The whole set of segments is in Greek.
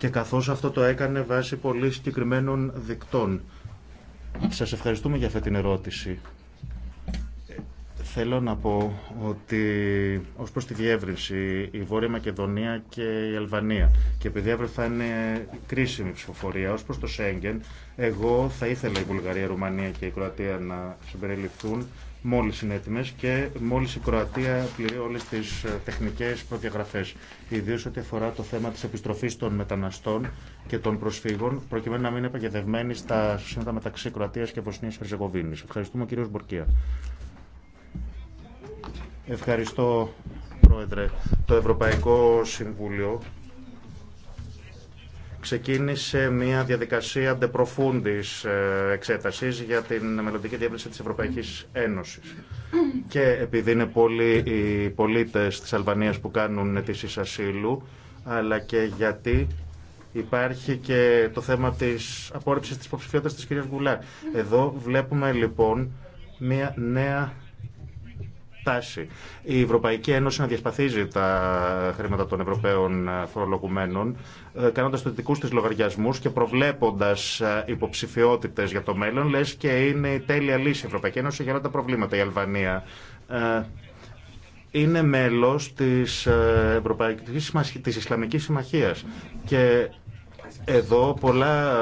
και καθώς αυτό το έκανε βάσει πολύ συγκεκριμένων δικτών. Σας ευχαριστούμε για αυτή την ερώτηση. Θέλω να πω ότι ως προς τη διεύρυνση η Βόρεια Μακεδονία και η Αλβανία και επειδή αύριο θα είναι κρίσιμη ψηφοφορία ως προς το Σέγγεν εγώ θα ήθελα η Βουλγαρία, η Ρουμανία και η Κροατία να συμπεριληφθούν μόλις είναι έτοιμες και μόλις η Κροατία πληρεί όλες τις ε, τεχνικές προδιαγραφές. Ιδίως ό,τι αφορά το θέμα της επιστροφής των μεταναστών και των προσφύγων, προκειμένου να μην είναι παγιδευμένοι στα σύνορα μεταξύ Κροατίας και Βοσνίας Ερζεγοβίνης. Ευχαριστούμε κύριος Μπορκία. Ευχαριστώ Πρόεδρε. Το Ευρωπαϊκό Συμβούλιο ξεκίνησε μια διαδικασία αντεπροφούντης εξέτασης για την μελλοντική διεύρυνση της Ευρωπαϊκής Ένωσης. Και επειδή είναι πολλοί οι πολίτες της Αλβανίας που κάνουν αιτήσει ασύλου, αλλά και γιατί υπάρχει και το θέμα της απόρριψης της υποψηφιότητας της κυρίας Γκουλάρ. Εδώ βλέπουμε λοιπόν μια νέα τάση. Η Ευρωπαϊκή Ένωση να διασπαθίζει τα χρήματα των Ευρωπαίων φορολογουμένων, ε, κάνοντα του δικού τη λογαριασμού και προβλέποντα ε, υποψηφιότητε για το μέλλον, λε και είναι η τέλεια λύση η Ευρωπαϊκή Ένωση για όλα τα προβλήματα. Η Αλβανία ε, είναι μέλος της, Ευρωπαϊκής, της Ισλαμικής Συμμαχίας και εδώ πολλά,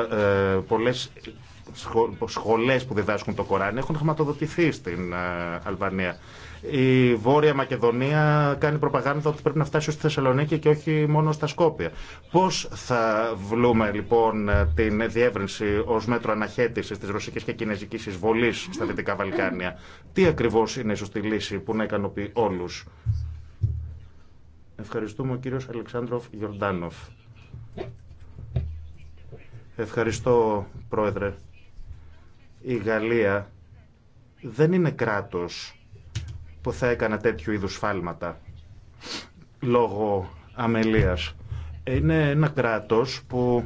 πολλές σχολές που διδάσκουν το Κοράνι έχουν χρηματοδοτηθεί στην Αλβανία. Η Βόρεια Μακεδονία κάνει προπαγάνδα ότι πρέπει να φτάσει στη Θεσσαλονίκη και όχι μόνο στα Σκόπια. Πώ θα βλούμε λοιπόν την διεύρυνση ω μέτρο αναχέτηση τη ρωσική και κινέζικη εισβολή στα Δυτικά Βαλκάνια. Τι ακριβώ είναι η σωστή λύση που να ικανοποιεί όλου. Ευχαριστούμε ο κύριος Αλεξάνδροφ Γιορτάνοφ. Ευχαριστώ, Πρόεδρε. Η Γαλλία δεν είναι κράτος που θα έκανα τέτοιου είδους φάλματα λόγω αμελίας. Είναι ένα κράτος που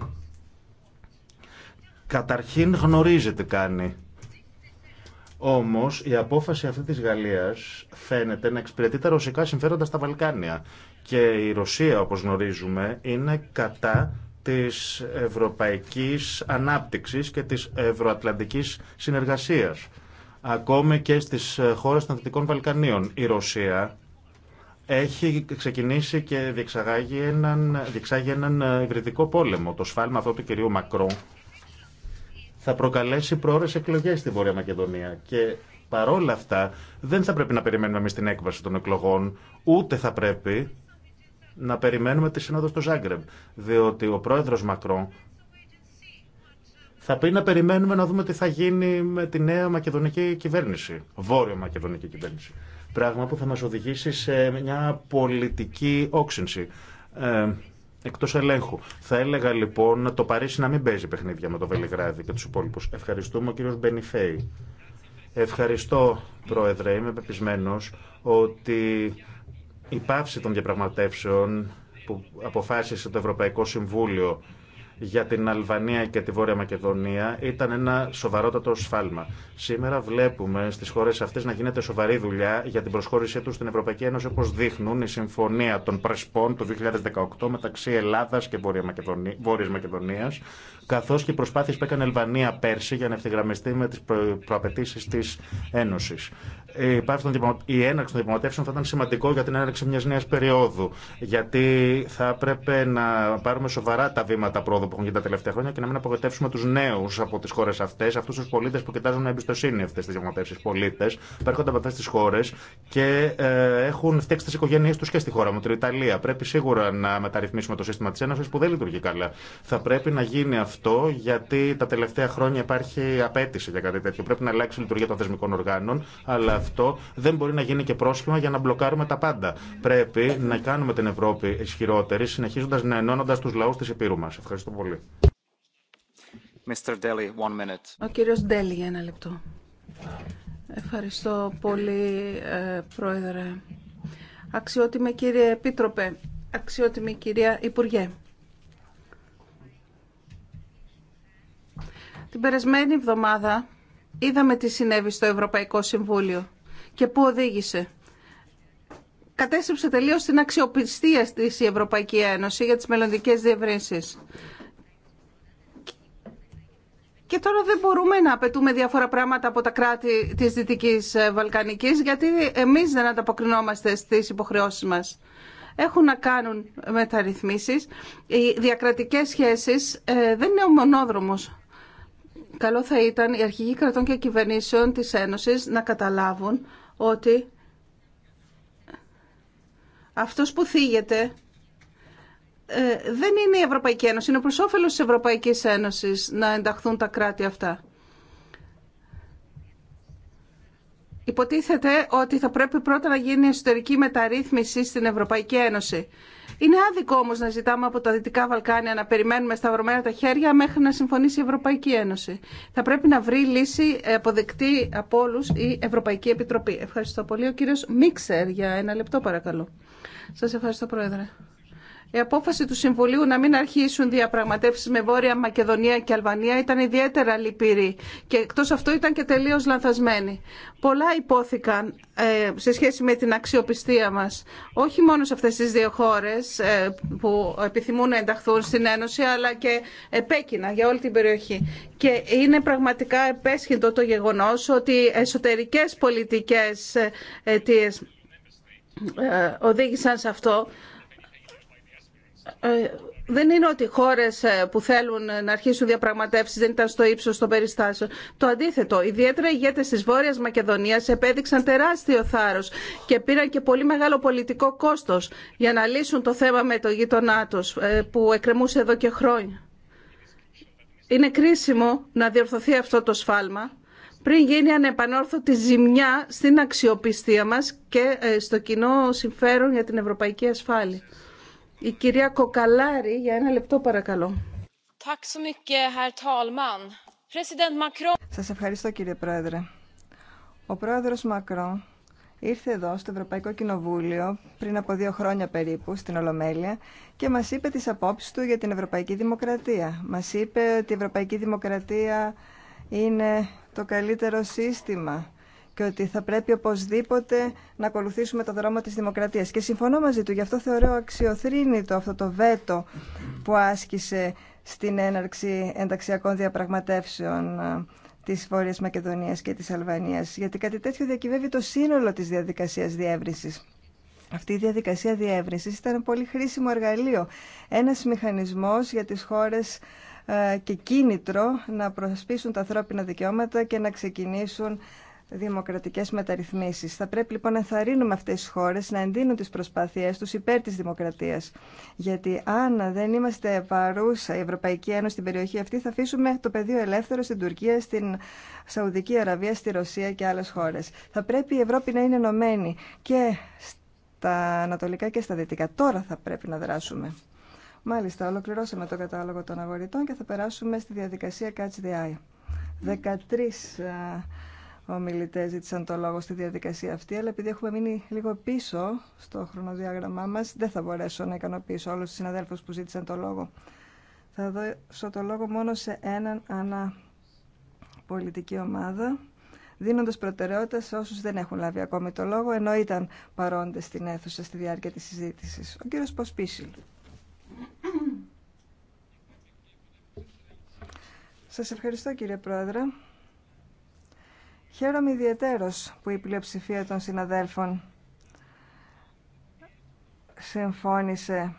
καταρχήν γνωρίζει τι κάνει. Όμως η απόφαση αυτή της Γαλλίας φαίνεται να εξυπηρετεί τα ρωσικά συμφέροντα στα Βαλκάνια. Και η Ρωσία, όπως γνωρίζουμε, είναι κατά της ευρωπαϊκής ανάπτυξης και της ευρωατλαντικής συνεργασίας ακόμη και στις ε, χώρες των Δυτικών Βαλκανίων. Η Ρωσία έχει ξεκινήσει και διεξάγει έναν, διεξάγει έναν υβριδικό ε, πόλεμο. Το σφάλμα αυτό του κυρίου Μακρό θα προκαλέσει προώρες εκλογές στη Βόρεια Μακεδονία και παρόλα αυτά δεν θα πρέπει να περιμένουμε εμείς την έκβαση των εκλογών, ούτε θα πρέπει να περιμένουμε τη σύνοδο στο Ζάγκρεμ. Διότι ο πρόεδρο Μακρό... Θα πει να περιμένουμε να δούμε τι θα γίνει με τη νέα μακεδονική κυβέρνηση, βόρειο μακεδονική κυβέρνηση. Πράγμα που θα μας οδηγήσει σε μια πολιτική όξυνση. Ε, Εκτό ελέγχου. Θα έλεγα λοιπόν το Παρίσι να μην παίζει παιχνίδια με το Βελιγράδι και του υπόλοιπου. Ευχαριστούμε ο κύριο Μπενιφέη. Ευχαριστώ, Πρόεδρε. Είμαι πεπισμένο ότι η πάυση των διαπραγματεύσεων που αποφάσισε το Ευρωπαϊκό Συμβούλιο για την Αλβανία και τη Βόρεια Μακεδονία ήταν ένα σοβαρότατο σφάλμα. Σήμερα βλέπουμε στι χώρε αυτέ να γίνεται σοβαρή δουλειά για την προσχώρησή του στην Ευρωπαϊκή Ένωση, όπω δείχνουν η συμφωνία των Πρεσπών του 2018 μεταξύ Ελλάδα και Βόρεια Μακεδονία, καθώ και οι προσπάθειε που έκανε η Αλβανία πέρσι για να ευθυγραμμιστεί με τι προαπαιτήσει τη Ένωση. Η έναρξη των διαπραγματεύσεων θα ήταν σημαντικό για την έναρξη μια νέα περίοδου, γιατί θα έπρεπε να πάρουμε σοβαρά τα βήματα πρόοδου που έχουν γίνει τα τελευταία χρόνια και να μην απογοητεύσουμε του νέου από τι χώρε αυτέ, αυτού του πολίτε που κοιτάζουν με εμπιστοσύνη αυτέ τι διαπραγματεύσει. Πολίτε που έρχονται από αυτέ τι χώρε και ε, έχουν φτιάξει τι οικογένειέ του και στη χώρα μου, την Ιταλία. Πρέπει σίγουρα να μεταρρυθμίσουμε το σύστημα τη Ένωση που δεν λειτουργεί καλά. Θα πρέπει να γίνει αυτό γιατί τα τελευταία χρόνια υπάρχει απέτηση για κάτι τέτοιο. Πρέπει να αλλάξει η λειτουργία των θεσμικών οργάνων, αλλά αυτό δεν μπορεί να γίνει και πρόσχημα για να μπλοκάρουμε τα πάντα. Πρέπει να κάνουμε την Ευρώπη ισχυρότερη, συνεχίζοντα να ενώνοντα του λαού τη Επίρου μα. Ευχαριστώ πολύ. Mr. Ο κύριος Ντέλη για ένα λεπτό. Ευχαριστώ πολύ, ε, Πρόεδρε. Αξιότιμη κύριε Επίτροπε, αξιότιμη κυρία Υπουργέ. Την περασμένη εβδομάδα είδαμε τι συνέβη στο Ευρωπαϊκό Συμβούλιο και πού οδήγησε. Κατέστρεψε τελείως την αξιοπιστία της η Ευρωπαϊκή Ένωση για τις μελλοντικές διευρύνσεις. Και τώρα δεν μπορούμε να απαιτούμε διάφορα πράγματα από τα κράτη της Δυτικής ε, Βαλκανικής, γιατί εμείς δεν ανταποκρινόμαστε στις υποχρεώσεις μας. Έχουν να κάνουν μεταρρυθμίσει. Οι διακρατικές σχέσεις ε, δεν είναι ο μονόδρομος. Καλό θα ήταν οι αρχηγοί κρατών και κυβερνήσεων της Ένωσης να καταλάβουν ότι αυτός που θίγεται ε, δεν είναι η Ευρωπαϊκή Ένωση, είναι προς όφελος της Ευρωπαϊκής Ένωσης να ενταχθούν τα κράτη αυτά. Υποτίθεται ότι θα πρέπει πρώτα να γίνει εσωτερική μεταρρύθμιση στην Ευρωπαϊκή Ένωση. Είναι άδικο όμως να ζητάμε από τα Δυτικά Βαλκάνια να περιμένουμε σταυρωμένα τα χέρια μέχρι να συμφωνήσει η Ευρωπαϊκή Ένωση. Θα πρέπει να βρει λύση αποδεκτή από όλους η Ευρωπαϊκή Επιτροπή. Ευχαριστώ πολύ. Ο κύριος Μίξερ για ένα λεπτό παρακαλώ. Σας ευχαριστώ Πρόεδρε. Η απόφαση του Συμβουλίου να μην αρχίσουν διαπραγματεύσεις με Βόρεια Μακεδονία και Αλβανία ήταν ιδιαίτερα λυπηρή και εκτό αυτού ήταν και τελείως λανθασμένη. Πολλά υπόθηκαν ε, σε σχέση με την αξιοπιστία μας, όχι μόνο σε αυτές τις δύο χώρες ε, που επιθυμούν να ενταχθούν στην Ένωση, αλλά και επέκεινα για όλη την περιοχή. Και είναι πραγματικά επέσχυντο το γεγονό ότι εσωτερικές πολιτικές ε, αιτίες οδήγησαν σε αυτό ε, δεν είναι ότι οι χώρε ε, που θέλουν να αρχίσουν διαπραγματεύσει δεν ήταν στο ύψο των περιστάσεων. Το αντίθετο. Ιδιαίτερα οι ηγέτε τη Βόρεια Μακεδονία επέδειξαν τεράστιο θάρρο και πήραν και πολύ μεγάλο πολιτικό κόστο για να λύσουν το θέμα με το γείτονά του ε, που εκκρεμούσε εδώ και χρόνια. Είναι κρίσιμο να διορθωθεί αυτό το σφάλμα πριν γίνει ανεπανόρθωτη ζημιά στην αξιοπιστία μας και στο κοινό συμφέρον για την ευρωπαϊκή ασφάλεια. Η κυρία Κοκαλάρη, για ένα λεπτό παρακαλώ. Σας ευχαριστώ κύριε Πρόεδρε. Ο Πρόεδρος Μακρό ήρθε εδώ στο Ευρωπαϊκό Κοινοβούλιο πριν από δύο χρόνια περίπου στην Ολομέλεια και μας είπε τις απόψεις του για την Ευρωπαϊκή Δημοκρατία. Μας είπε ότι η Ευρωπαϊκή Δημοκρατία είναι το καλύτερο σύστημα και ότι θα πρέπει οπωσδήποτε να ακολουθήσουμε το δρόμο της δημοκρατίας. Και συμφωνώ μαζί του, γι' αυτό θεωρώ αξιοθρύνητο αυτό το βέτο που άσκησε στην έναρξη ενταξιακών διαπραγματεύσεων ε, της Βόρειας Μακεδονίας και της Αλβανίας, γιατί κάτι τέτοιο διακυβεύει το σύνολο της διαδικασίας διεύρυνσης. Αυτή η διαδικασία διεύρυνσης ήταν πολύ χρήσιμο εργαλείο, ένας μηχανισμός για τις χώρες ε, και κίνητρο να προσπίσουν τα ανθρώπινα δικαιώματα και να ξεκινήσουν δημοκρατικές μεταρρυθμίσεις. Θα πρέπει λοιπόν να ενθαρρύνουμε αυτές τις χώρες να εντείνουν τις προσπάθειές τους υπέρ της δημοκρατίας. Γιατί αν δεν είμαστε παρούσα η Ευρωπαϊκή Ένωση στην περιοχή αυτή θα αφήσουμε το πεδίο ελεύθερο στην Τουρκία, στην Σαουδική Αραβία, στη Ρωσία και άλλες χώρες. Θα πρέπει η Ευρώπη να είναι ενωμένη και στα ανατολικά και στα δυτικά. Τώρα θα πρέπει να δράσουμε. Μάλιστα, ολοκληρώσαμε το κατάλογο των αγορητών και θα περάσουμε στη διαδικασία Catch the Eye. 13 Ομιλητέ ζήτησαν το λόγο στη διαδικασία αυτή, αλλά επειδή έχουμε μείνει λίγο πίσω στο χρονοδιάγραμμά μας, δεν θα μπορέσω να ικανοποιήσω όλους τους συναδέλφους που ζήτησαν το λόγο. Θα δώσω το λόγο μόνο σε έναν ανά πολιτική ομάδα, δίνοντας προτεραιότητα σε όσους δεν έχουν λάβει ακόμη το λόγο, ενώ ήταν παρόντες στην αίθουσα στη διάρκεια της συζήτησης. Ο κύριος Ποσπίσιλ. Σας ευχαριστώ κύριε Πρόεδρε. Χαίρομαι ιδιαίτερο που η πλειοψηφία των συναδέλφων συμφώνησε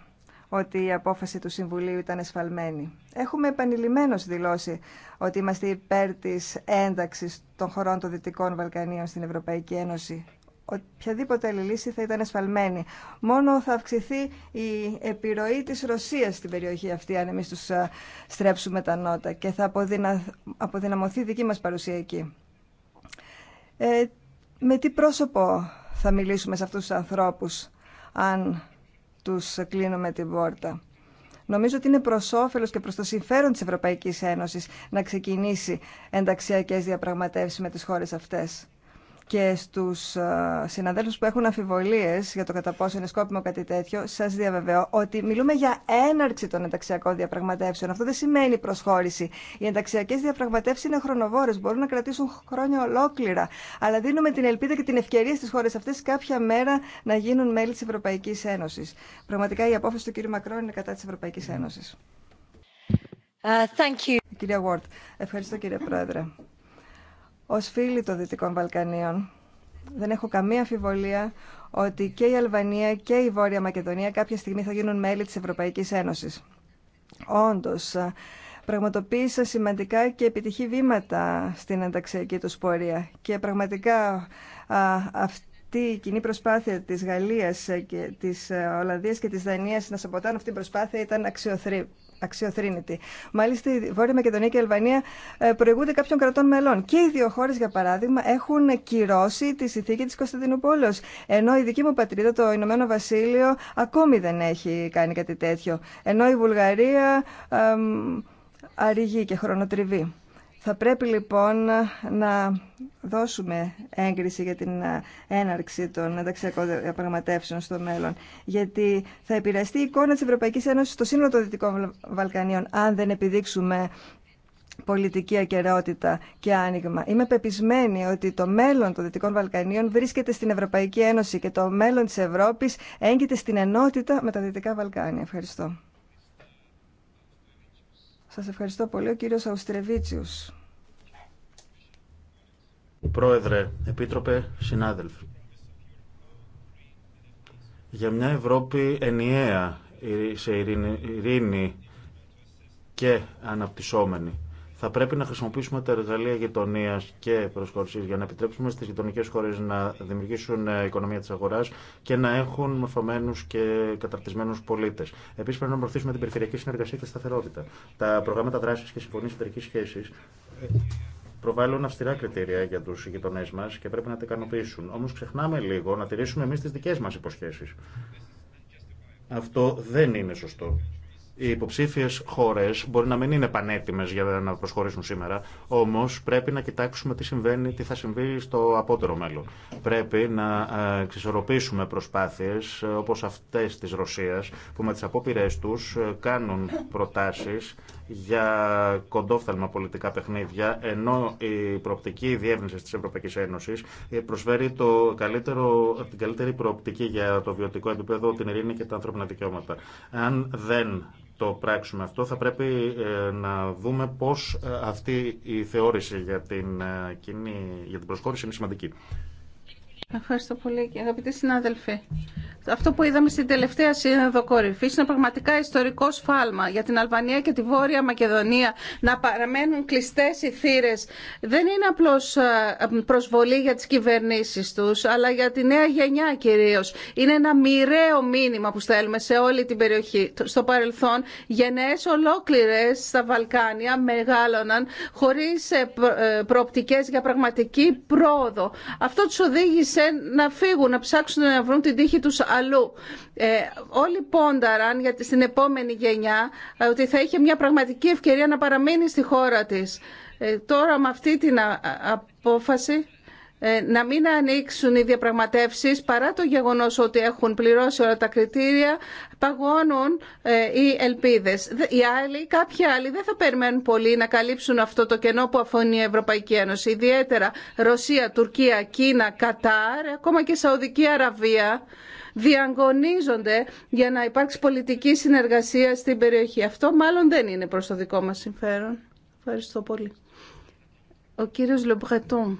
ότι η απόφαση του Συμβουλίου ήταν εσφαλμένη. Έχουμε επανειλημμένως δηλώσει ότι είμαστε υπέρ της ένταξης των χωρών των Δυτικών Βαλκανίων στην Ευρωπαϊκή Ένωση. Οποιαδήποτε άλλη λύση θα ήταν εσφαλμένη. Μόνο θα αυξηθεί η επιρροή της Ρωσίας στην περιοχή αυτή, αν εμείς τους ε, στρέψουμε τα νότα και θα αποδυναμωθεί η δική μας παρουσία εκεί. Ε, με τι πρόσωπο θα μιλήσουμε σε αυτούς τους ανθρώπους αν τους κλείνουμε την πόρτα. Νομίζω ότι είναι προ όφελο και προ το συμφέρον τη Ευρωπαϊκή Ένωση να ξεκινήσει ενταξιακές διαπραγματεύσει με τι χώρε αυτέ και στους ε, συναδέλφου που έχουν αμφιβολίες για το κατά πόσο είναι σκόπιμο κάτι τέτοιο, σα διαβεβαιώ ότι μιλούμε για έναρξη των ενταξιακών διαπραγματεύσεων. Αυτό δεν σημαίνει προσχώρηση. Οι ενταξιακέ διαπραγματεύσει είναι χρονοβόρε. μπορούν να κρατήσουν χρόνια ολόκληρα, αλλά δίνουμε την ελπίδα και την ευκαιρία στι χώρε αυτέ κάποια μέρα να γίνουν μέλη τη Ευρωπαϊκή Ένωση. Πραγματικά η απόφαση του κ. Μακρόν είναι κατά τη Ευρωπαϊκή Ένωση. Uh, thank you. Κυρία Ward, ευχαριστώ κύριε Πρόεδρε ως φίλη των Δυτικών Βαλκανίων. Δεν έχω καμία αμφιβολία ότι και η Αλβανία και η Βόρεια Μακεδονία κάποια στιγμή θα γίνουν μέλη της Ευρωπαϊκής Ένωσης. Όντως, πραγματοποίησα σημαντικά και επιτυχή βήματα στην ενταξιακή τους πορεία και πραγματικά αυτή η κοινή προσπάθεια της Γαλλίας και της ε, Ολλανδίας και της Δανίας να σαμποτάνε αυτή την προσπάθεια ήταν αξιοθρή, αξιοθρύνητη. Μάλιστα, η Βόρεια Μακεδονία και η Αλβανία ε, προηγούνται κάποιων κρατών μελών. Και οι δύο χώρε, για παράδειγμα, έχουν κυρώσει τη συνθήκη τη Κωνσταντινούπολη. Ενώ η δική μου πατρίδα, το Ηνωμένο Βασίλειο, ακόμη δεν έχει κάνει κάτι τέτοιο. Ενώ η Βουλγαρία αργεί και χρονοτριβεί. Θα πρέπει λοιπόν να δώσουμε έγκριση για την έναρξη των ενταξιακών διαπραγματεύσεων στο μέλλον, γιατί θα επηρεαστεί η εικόνα της Ευρωπαϊκής Ένωσης στο σύνολο των Δυτικών Βαλκανίων, αν δεν επιδείξουμε πολιτική ακεραιότητα και άνοιγμα. Είμαι πεπισμένη ότι το μέλλον των Δυτικών Βαλκανίων βρίσκεται στην Ευρωπαϊκή Ένωση και το μέλλον της Ευρώπης έγκυται στην ενότητα με τα Δυτικά Βαλκάνια. Ευχαριστώ. Σας ευχαριστώ πολύ. Ο κύριος Αουστρεβίτσιους. Πρόεδρε, Επίτροπε, συνάδελφοι. Για μια Ευρώπη ενιαία σε ειρήνη και αναπτυσσόμενη. Θα πρέπει να χρησιμοποιήσουμε τα εργαλεία γειτονία και προσχώρηση για να επιτρέψουμε στι γειτονικέ χώρε να δημιουργήσουν ε, οικονομία τη αγορά και να έχουν μορφωμένου και καταρτισμένου πολίτε. Επίση, πρέπει να προωθήσουμε την περιφερειακή συνεργασία και σταθερότητα. Τα προγράμματα δράση και συμφωνίε εταιρική σχέση ε, προβάλλουν αυστηρά κριτήρια για του γειτονέ μα και πρέπει να τα ικανοποιήσουν. Όμω, ξεχνάμε λίγο να τηρήσουμε εμεί τι δικέ μα υποσχέσει. Αυτό δεν είναι σωστό. Οι υποψήφιε χώρε μπορεί να μην είναι πανέτοιμε για να προσχωρήσουν σήμερα, όμω πρέπει να κοιτάξουμε τι, συμβαίνει, τι θα συμβεί στο απότερο μέλλον. Πρέπει να ε, εξισορροπήσουμε προσπάθειε ε, όπω αυτέ τη Ρωσία, που με τι απόπειρέ του ε, κάνουν προτάσει για κοντόφθαλμα πολιτικά παιχνίδια, ενώ η προοπτική διεύνηση τη Ευρωπαϊκή Ένωση προσφέρει το καλύτερο, την καλύτερη προοπτική για το βιωτικό επίπεδο, την ειρήνη και τα ανθρώπινα δικαιώματα. Αν δεν το πράξουμε αυτό θα πρέπει ε, να δούμε πώς ε, αυτή η θεώρηση για την, ε, κοινή, για την προσχώρηση είναι σημαντική. Ευχαριστώ πολύ και αγαπητοί συνάδελφοι. Αυτό που είδαμε στην τελευταία σύνοδο κορυφή είναι πραγματικά ιστορικό σφάλμα για την Αλβανία και τη Βόρεια Μακεδονία να παραμένουν κλειστέ οι θύρε. Δεν είναι απλώ προσβολή για τι κυβερνήσει του, αλλά για τη νέα γενιά κυρίω. Είναι ένα μοιραίο μήνυμα που στέλνουμε σε όλη την περιοχή. Στο παρελθόν, γενναίε ολόκληρε στα Βαλκάνια μεγάλωναν χωρί ε, ε, προοπτικέ για πραγματική πρόοδο. Αυτό του οδήγησε να φύγουν, να ψάξουν να βρουν την τύχη τους αλλού. Ε, όλοι πόνταραν για, την επόμενη γενιά ε, ότι θα είχε μια πραγματική ευκαιρία να παραμείνει στη χώρα της. Ε, τώρα με αυτή την απόφαση ε, να μην ανοίξουν οι διαπραγματεύσεις παρά το γεγονός ότι έχουν πληρώσει όλα τα κριτήρια, παγώνουν ε, οι ελπίδες. Οι άλλοι, κάποιοι άλλοι δεν θα περιμένουν πολύ να καλύψουν αυτό το κενό που αφώνει η Ευρωπαϊκή Ένωση. Ιδιαίτερα Ρωσία, Τουρκία, Κίνα, Κατάρ, ακόμα και Σαουδική Αραβία διαγωνίζονται για να υπάρξει πολιτική συνεργασία στην περιοχή. Αυτό μάλλον δεν είναι προς το δικό μας συμφέρον. Ευχαριστώ πολύ. Ο κύριος Λεμπρετών.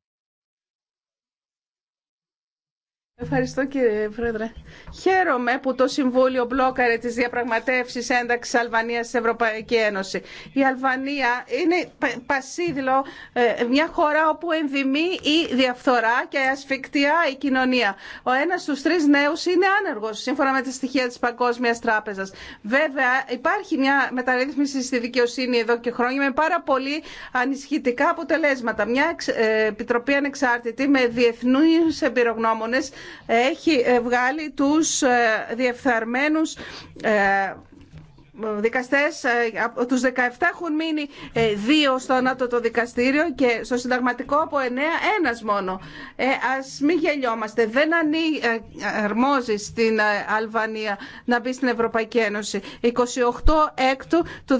Ευχαριστώ κύριε Πρόεδρε. Χαίρομαι που το Συμβούλιο μπλόκαρε τις διαπραγματεύσεις ένταξης Αλβανίας στην Ευρωπαϊκή Ένωση. Η Αλβανία είναι πασίδλο ε, μια χώρα όπου ενδυμεί η διαφθορά και ασφικτιά η κοινωνία. Ο ένας στους τρεις νέους είναι άνεργος, σύμφωνα με τα στοιχεία της Παγκόσμιας Τράπεζας. Βέβαια υπάρχει μια μεταρρύθμιση στη δικαιοσύνη εδώ και χρόνια με πάρα πολύ ανισχυτικά αποτελέσματα. Μια ε, επιτροπή ανεξάρτητη με διεθνού εμπειρογνώμονε έχει ε, βγάλει τους ε, διεφθαρμένους ε, δικαστές, ε, από τους 17 έχουν μείνει ε, δύο στο ανώτατο δικαστήριο και στο συνταγματικό από εννέα, ένας μόνο. Ε, ας μην γελιόμαστε. Δεν ε, αρμόζει στην Αλβανία να μπει στην Ευρωπαϊκή Ένωση. 28 έκτου του 2019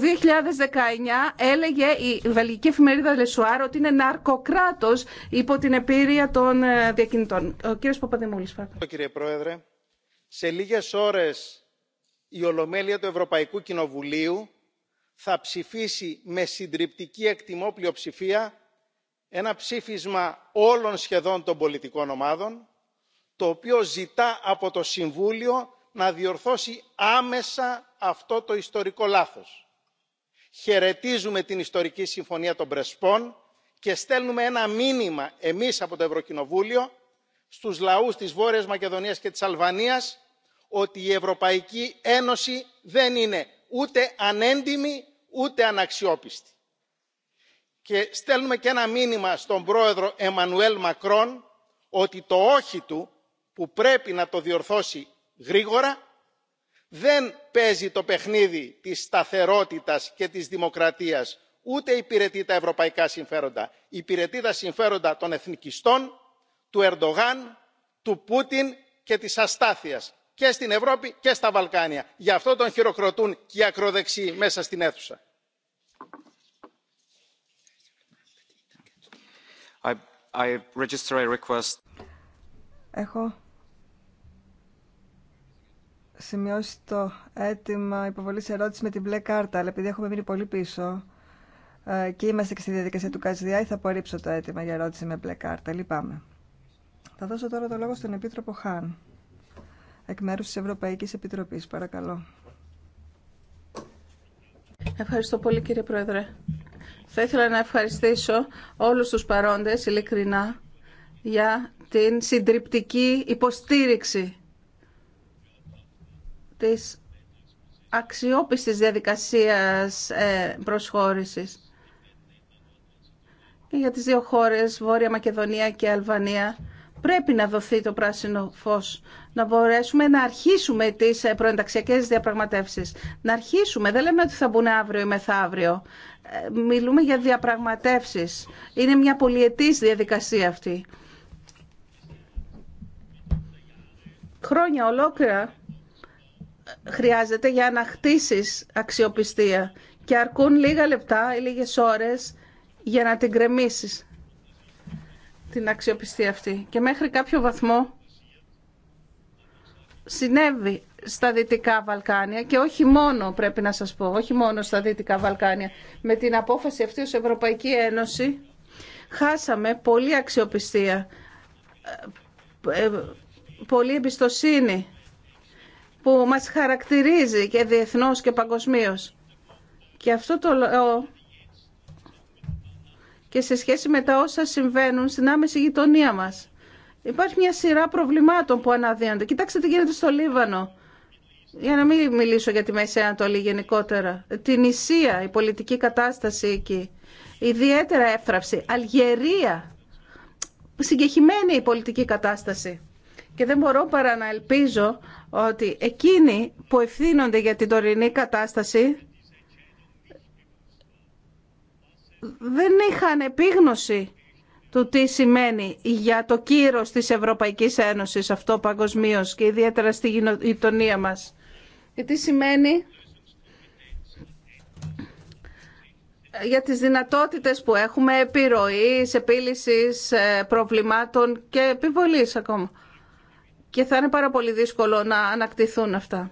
έλεγε η βελγική εφημερίδα Λεσουάρ ότι είναι ναρκοκράτος υπό την επίρρεια των διακινητών. Ο κύριος Παπαδημούλης. Κύριε Πρόεδρε, σε λίγες ώρες η ολομέλεια του ευρωπαϊκού κοινοβουλίου θα ψηφίσει με συντριπτική εκτιμώ πλειοψηφία ένα ψήφισμα όλων σχεδόν των πολιτικών ομάδων το οποίο ζητά από το συμβούλιο να διορθώσει άμεσα αυτό το ιστορικό λάθος. χαιρετίζουμε την ιστορική συμφωνία των πρεσπών και στέλνουμε ένα μήνυμα εμείς από το ευρωκοινοβούλιο στους λαούς της βόρειας μακεδονίας και της αλβανίας ότι η ευρωπαϊκή ένωση δεν είναι ούτε ανέντιμη ούτε αναξιόπιστη. και στέλνουμε και ένα μήνυμα στον πρόεδρο εμμανουέλ μακρόν ότι το όχι του που πρέπει να το διορθώσει γρήγορα δεν παίζει το παιχνίδι της σταθερότητας και της δημοκρατίας ούτε υπηρετεί τα ευρωπαϊκά συμφέροντα υπηρετεί τα συμφέροντα των εθνικιστών του ερντογάν του πούτιν και της αστάθειας και στην ευρώπη και στα βαλκάνια. γι' αυτό τον χειροκροτούν και οι ακροδεξιοί μέσα στην αίθουσα. Έχω σημειώσει το αίτημα υποβολή ερώτηση με την μπλε κάρτα, αλλά επειδή έχουμε μείνει πολύ πίσω ε, και είμαστε και στη διαδικασία του Κασδιά. θα απορρίψω το αίτημα για ερώτηση με μπλε κάρτα. Λυπάμαι. Θα δώσω τώρα το λόγο στον Επίτροπο Χάν εκ μέρους της Ευρωπαϊκής Επιτροπής. Παρακαλώ. Ευχαριστώ πολύ κύριε Πρόεδρε. Θα ήθελα να ευχαριστήσω όλους τους παρόντες ειλικρινά για την συντριπτική υποστήριξη της αξιόπιστης διαδικασίας ε, προσχώρησης για τις δύο χώρες, Βόρεια Μακεδονία και Αλβανία πρέπει να δοθεί το πράσινο φως, να μπορέσουμε να αρχίσουμε τις ε, προενταξιακές διαπραγματεύσεις. Να αρχίσουμε, δεν λέμε ότι θα μπουν αύριο ή μεθαύριο. Ε, μιλούμε για διαπραγματεύσεις. Είναι μια πολυετής διαδικασία αυτή. Χρόνια ολόκληρα ε, χρειάζεται για να χτίσεις αξιοπιστία και αρκούν λίγα λεπτά ή λίγες ώρες για να την κρεμίσεις την αξιοπιστία αυτή. Και μέχρι κάποιο βαθμό συνέβη στα Δυτικά Βαλκάνια και όχι μόνο πρέπει να σας πω, όχι μόνο στα Δυτικά Βαλκάνια. Με την απόφαση αυτή ως Ευρωπαϊκή Ένωση χάσαμε πολλή αξιοπιστία, ε, πολλή εμπιστοσύνη που μας χαρακτηρίζει και διεθνώς και παγκοσμίως. Και αυτό το λέω και σε σχέση με τα όσα συμβαίνουν στην άμεση γειτονία μα. Υπάρχει μια σειρά προβλημάτων που αναδύονται. Κοιτάξτε τι γίνεται στο Λίβανο. Για να μην μιλήσω για τη Μέση Ανατολή γενικότερα. Την Ισία, η πολιτική κατάσταση εκεί. Ιδιαίτερα έφραυση. Αλγερία. Συγκεχημένη η πολιτική κατάσταση. Και δεν μπορώ παρά να ελπίζω ότι εκείνοι που ευθύνονται για την τωρινή κατάσταση δεν είχαν επίγνωση του τι σημαίνει για το κύρος της Ευρωπαϊκής Ένωσης αυτό παγκοσμίω και ιδιαίτερα στη γειτονία μας. Και τι σημαίνει για τις δυνατότητες που έχουμε επιρροής, επίλυσης ε, προβλημάτων και επιβολής ακόμα. Και θα είναι πάρα πολύ δύσκολο να ανακτηθούν αυτά.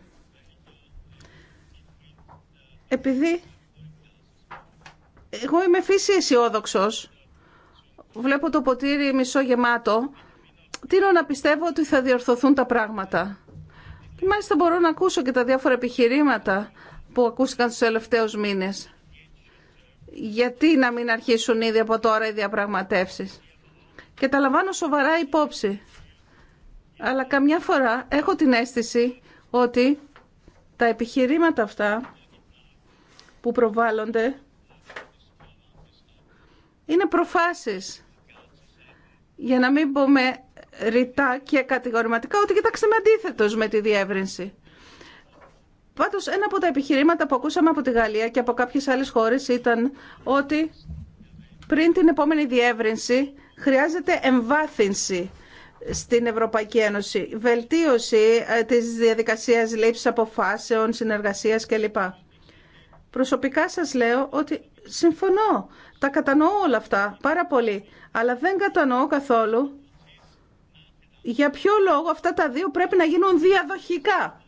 Επειδή εγώ είμαι φύση αισιόδοξο. Βλέπω το ποτήρι μισό γεμάτο. είναι να πιστεύω ότι θα διορθωθούν τα πράγματα. Και μάλιστα μπορώ να ακούσω και τα διάφορα επιχειρήματα που ακούστηκαν τους τελευταίους μήνες. Γιατί να μην αρχίσουν ήδη από τώρα οι διαπραγματεύσεις. Και τα λαμβάνω σοβαρά υπόψη. Αλλά καμιά φορά έχω την αίσθηση ότι τα επιχειρήματα αυτά που προβάλλονται είναι προφάσεις. Για να μην πούμε ρητά και κατηγορηματικά ότι κοιτάξτε με αντίθετο με τη διεύρυνση. Πάντω, ένα από τα επιχειρήματα που ακούσαμε από τη Γαλλία και από κάποιε άλλε χώρε ήταν ότι πριν την επόμενη διεύρυνση χρειάζεται εμβάθυνση στην Ευρωπαϊκή Ένωση, βελτίωση ε, της διαδικασίας λήψης αποφάσεων, συνεργασίας κλπ. Προσωπικά σας λέω ότι Συμφωνώ. Τα κατανοώ όλα αυτά πάρα πολύ. Αλλά δεν κατανοώ καθόλου για ποιο λόγο αυτά τα δύο πρέπει να γίνουν διαδοχικά.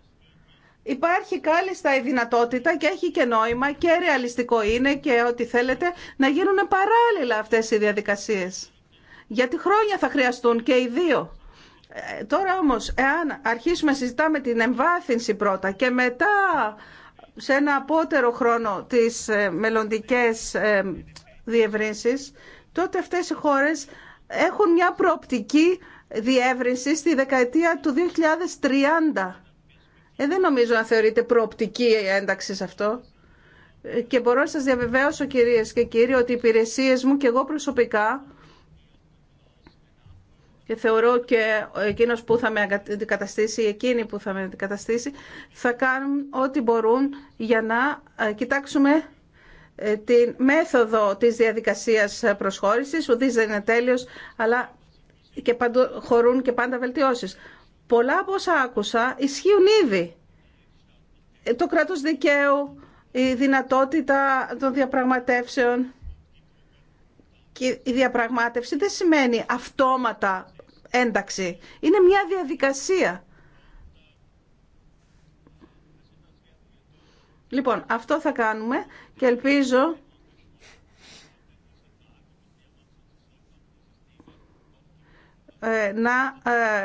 Υπάρχει κάλλιστα η δυνατότητα και έχει και νόημα και ρεαλιστικό είναι και ό,τι θέλετε να γίνουν παράλληλα αυτές οι διαδικασίες. Γιατί χρόνια θα χρειαστούν και οι δύο. Ε, τώρα όμως, εάν αρχίσουμε να συζητάμε την εμβάθυνση πρώτα και μετά σε ένα απότερο χρόνο τις ε, μελλοντικές ε, διευρύνσεις, τότε αυτές οι χώρες έχουν μια προοπτική διεύρυνση στη δεκαετία του 2030. Ε, δεν νομίζω να θεωρείται προοπτική η ένταξη σε αυτό. Ε, και μπορώ να σας διαβεβαίωσω κυρίες και κύριοι ότι οι υπηρεσίες μου και εγώ προσωπικά και θεωρώ και εκείνος που θα με αντικαταστήσει, εκείνη που θα με αντικαταστήσει, θα κάνουν ό,τι μπορούν για να ε, κοιτάξουμε ε, την μέθοδο της διαδικασίας προσχώρησης, ουδής δεν είναι τέλειος, αλλά και παντού, χωρούν και πάντα βελτιώσεις. Πολλά από όσα άκουσα ισχύουν ήδη. Ε, το κράτος δικαίου, η δυνατότητα των διαπραγματεύσεων, και η διαπραγμάτευση δεν σημαίνει αυτόματα ένταξη. Είναι μια διαδικασία. Λοιπόν, αυτό θα κάνουμε και ελπίζω ε, να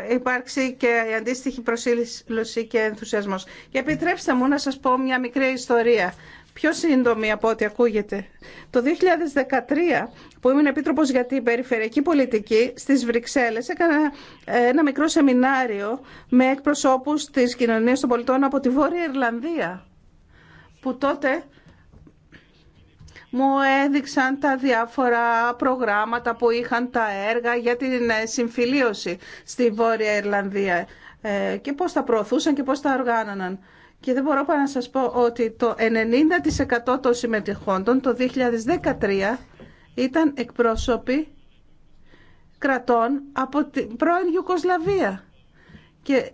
ε, υπάρξει και η αντίστοιχη προσήλωση και ενθουσιασμός. Και επιτρέψτε μου να σας πω μια μικρή ιστορία, πιο σύντομη από ό,τι ακούγεται. Το 2013 που ήμουν επίτροπο για την περιφερειακή πολιτική στι Βρυξέλλε, έκανα ε, ένα μικρό σεμινάριο με εκπροσώπου τη κοινωνία των πολιτών από τη Βόρεια Ιρλανδία. Που τότε μου έδειξαν τα διάφορα προγράμματα που είχαν τα έργα για την ε, συμφιλίωση στη Βόρεια Ιρλανδία ε, και πώς τα προωθούσαν και πώς τα οργάνωναν. Και δεν μπορώ παρά να σας πω ότι το 90% των συμμετεχόντων το 2013 ήταν εκπρόσωποι κρατών από την πρώην Ιουκοσλαβία. Και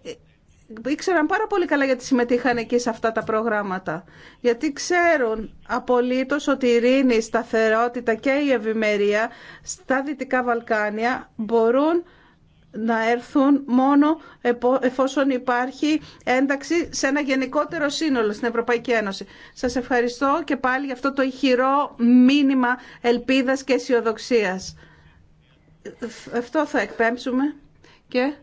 ήξεραν πάρα πολύ καλά γιατί συμμετείχαν εκεί σε αυτά τα προγράμματα. Γιατί ξέρουν απολύτως ότι η ειρήνη, η σταθερότητα και η ευημερία στα Δυτικά Βαλκάνια μπορούν να έρθουν μόνο εφόσον υπάρχει ένταξη σε ένα γενικότερο σύνολο στην Ευρωπαϊκή Ένωση. Σας ευχαριστώ και πάλι για αυτό το ηχηρό μήνυμα ελπίδας και αισιοδοξία. Αυτό θα εκπέμψουμε και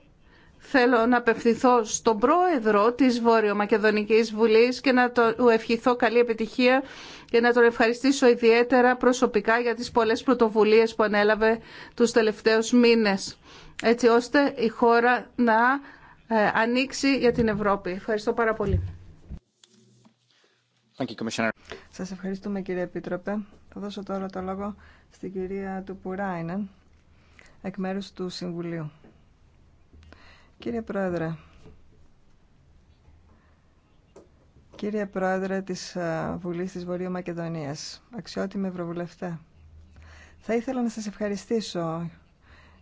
θέλω να απευθυνθώ στον πρόεδρο της Βόρειο-Μακεδονικής Βουλής και να του ευχηθώ καλή επιτυχία και να τον ευχαριστήσω ιδιαίτερα προσωπικά για τις πολλές πρωτοβουλίες που ανέλαβε τους τελευταίους μήνες έτσι ώστε η χώρα να ε, ανοίξει για την Ευρώπη. Ευχαριστώ πάρα πολύ. Σας ευχαριστούμε κύριε Επίτροπε. Θα δώσω τώρα το λόγο στην κυρία Τουπουράινεν, εκ μέρους του Συμβουλίου. Κύριε Πρόεδρε, κύριε Πρόεδρε της ε, Βουλής της Βορείου Μακεδονίας, αξιότιμη Ευρωβουλευτέ, θα ήθελα να σας ευχαριστήσω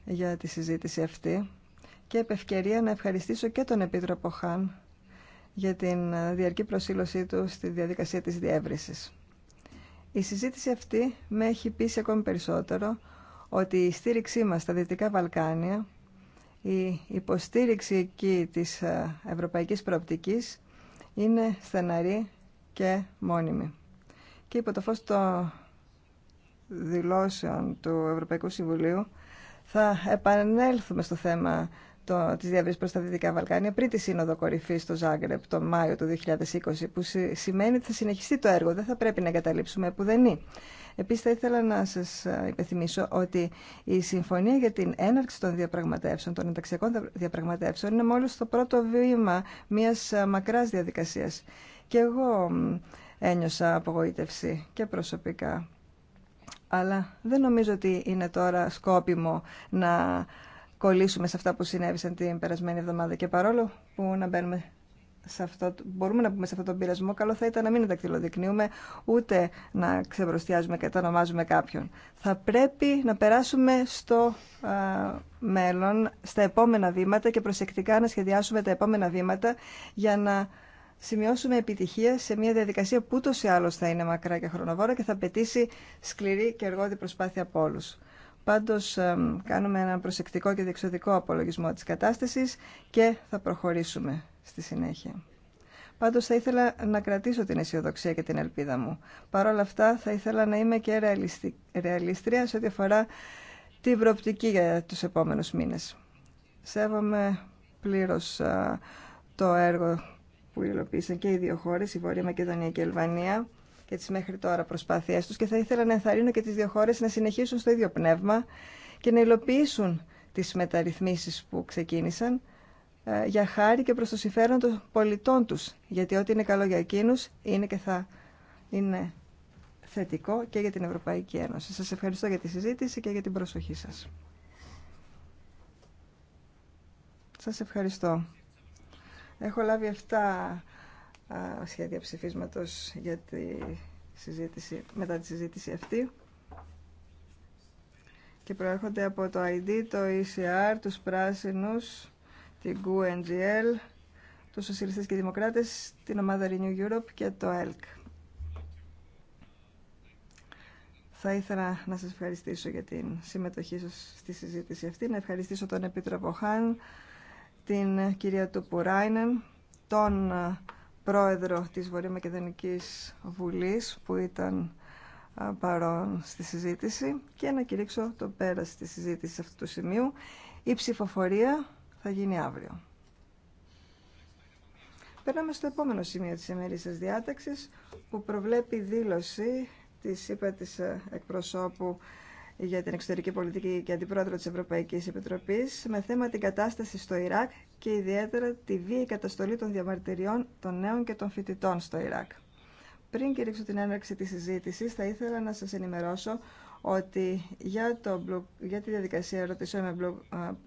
για τη συζήτηση αυτή και επ' να ευχαριστήσω και τον Επίτροπο Χάν για την ε, διαρκή προσήλωσή του στη διαδικασία της διεύρυνσης. Η συζήτηση αυτή με έχει πείσει ακόμη περισσότερο ότι η στήριξή μας στα Δυτικά Βαλκάνια, η υποστήριξη εκεί της ε, ευρωπαϊκής προοπτικής είναι στεναρή και μόνιμη. Και υπό το φως των δηλώσεων του Ευρωπαϊκού Συμβουλίου θα επανέλθουμε στο θέμα το, της διαβίωσης προς τα Δυτικά Βαλκάνια πριν τη Σύνοδο Κορυφή στο Ζάγκρεπ τον Μάιο του 2020 που σημαίνει ότι θα συνεχιστεί το έργο, δεν θα πρέπει να εγκαταλείψουμε που δεν είναι. Επίσης θα ήθελα να σας ε, υπενθυμίσω ότι η συμφωνία για την έναρξη των διαπραγματεύσεων, των ενταξιακών διαπραγματεύσεων είναι μόλις το πρώτο βήμα μιας ε, μακράς διαδικασίας. Και εγώ ένιωσα απογοήτευση και προσωπικά αλλά δεν νομίζω ότι είναι τώρα σκόπιμο να κολλήσουμε σε αυτά που συνέβησαν την περασμένη εβδομάδα και παρόλο που να μπαίνουμε σε αυτό, μπορούμε να πούμε σε αυτόν τον πειρασμό, καλό θα ήταν να μην δακτυλοδεικνύουμε ούτε να ξεβροστιάζουμε και να ονομάζουμε κάποιον. Θα πρέπει να περάσουμε στο μέλλον, στα επόμενα βήματα και προσεκτικά να σχεδιάσουμε τα επόμενα βήματα για να σημειώσουμε επιτυχία σε μια διαδικασία που ούτω ή άλλω θα είναι μακρά και χρονοβόρα και θα απαιτήσει σκληρή και εργόδη προσπάθεια από όλου. Πάντω, κάνουμε ένα προσεκτικό και διεξοδικό απολογισμό τη κατάσταση και θα προχωρήσουμε στη συνέχεια. Πάντως θα ήθελα να κρατήσω την αισιοδοξία και την ελπίδα μου. Παρ' όλα αυτά θα ήθελα να είμαι και ρεαλίστρια σε ό,τι αφορά την προοπτική για τους επόμενους μήνες. Σέβομαι πλήρως το έργο που υλοποίησαν και οι δύο χώρες, η Βόρεια Μακεδονία και η Ελβανία, και τι μέχρι τώρα προσπάθειές του. και θα ήθελα να ενθαρρύνω και τις δύο χώρες να συνεχίσουν στο ίδιο πνεύμα και να υλοποιήσουν τις μεταρρυθμίσει που ξεκίνησαν ε, για χάρη και προς το συμφέρον των πολιτών τους, γιατί ό,τι είναι καλό για εκείνου είναι και θα είναι θετικό και για την Ευρωπαϊκή Ένωση. Σας ευχαριστώ για τη συζήτηση και για την προσοχή σας. Σας ευχαριστώ. Έχω λάβει 7 σχέδια ψηφίσματος για τη συζήτηση, μετά τη συζήτηση αυτή και προέρχονται από το ID, το ECR, τους Πράσινους, την QNGL, τους Σοσιαλιστές και Δημοκράτες, την ομάδα Renew Europe και το ELK. Θα ήθελα να σας ευχαριστήσω για την συμμετοχή σας στη συζήτηση αυτή, να ευχαριστήσω τον Επίτροπο Χάν, την κυρία Τουπουράινεν, τον ε, πρόεδρο της Βορειομακεδονικής Βουλής που ήταν ε, παρόν στη συζήτηση και να κηρύξω το πέρας της συζήτησης αυτού του σημείου. Η ψηφοφορία θα γίνει αύριο. Περνάμε στο επόμενο σημείο της ημερήσιας διάταξης που προβλέπει δήλωση της είπα της ε, εκπροσώπου για την εξωτερική πολιτική και αντιπρόεδρο της Ευρωπαϊκής Επιτροπής με θέμα την κατάσταση στο Ιράκ και ιδιαίτερα τη βίαιη καταστολή των διαμαρτυριών των νέων και των φοιτητών στο Ιράκ. Πριν κηρύξω την έναρξη της συζήτησης, θα ήθελα να σας ενημερώσω ότι για, το, για τη διαδικασία ερωτήσεων με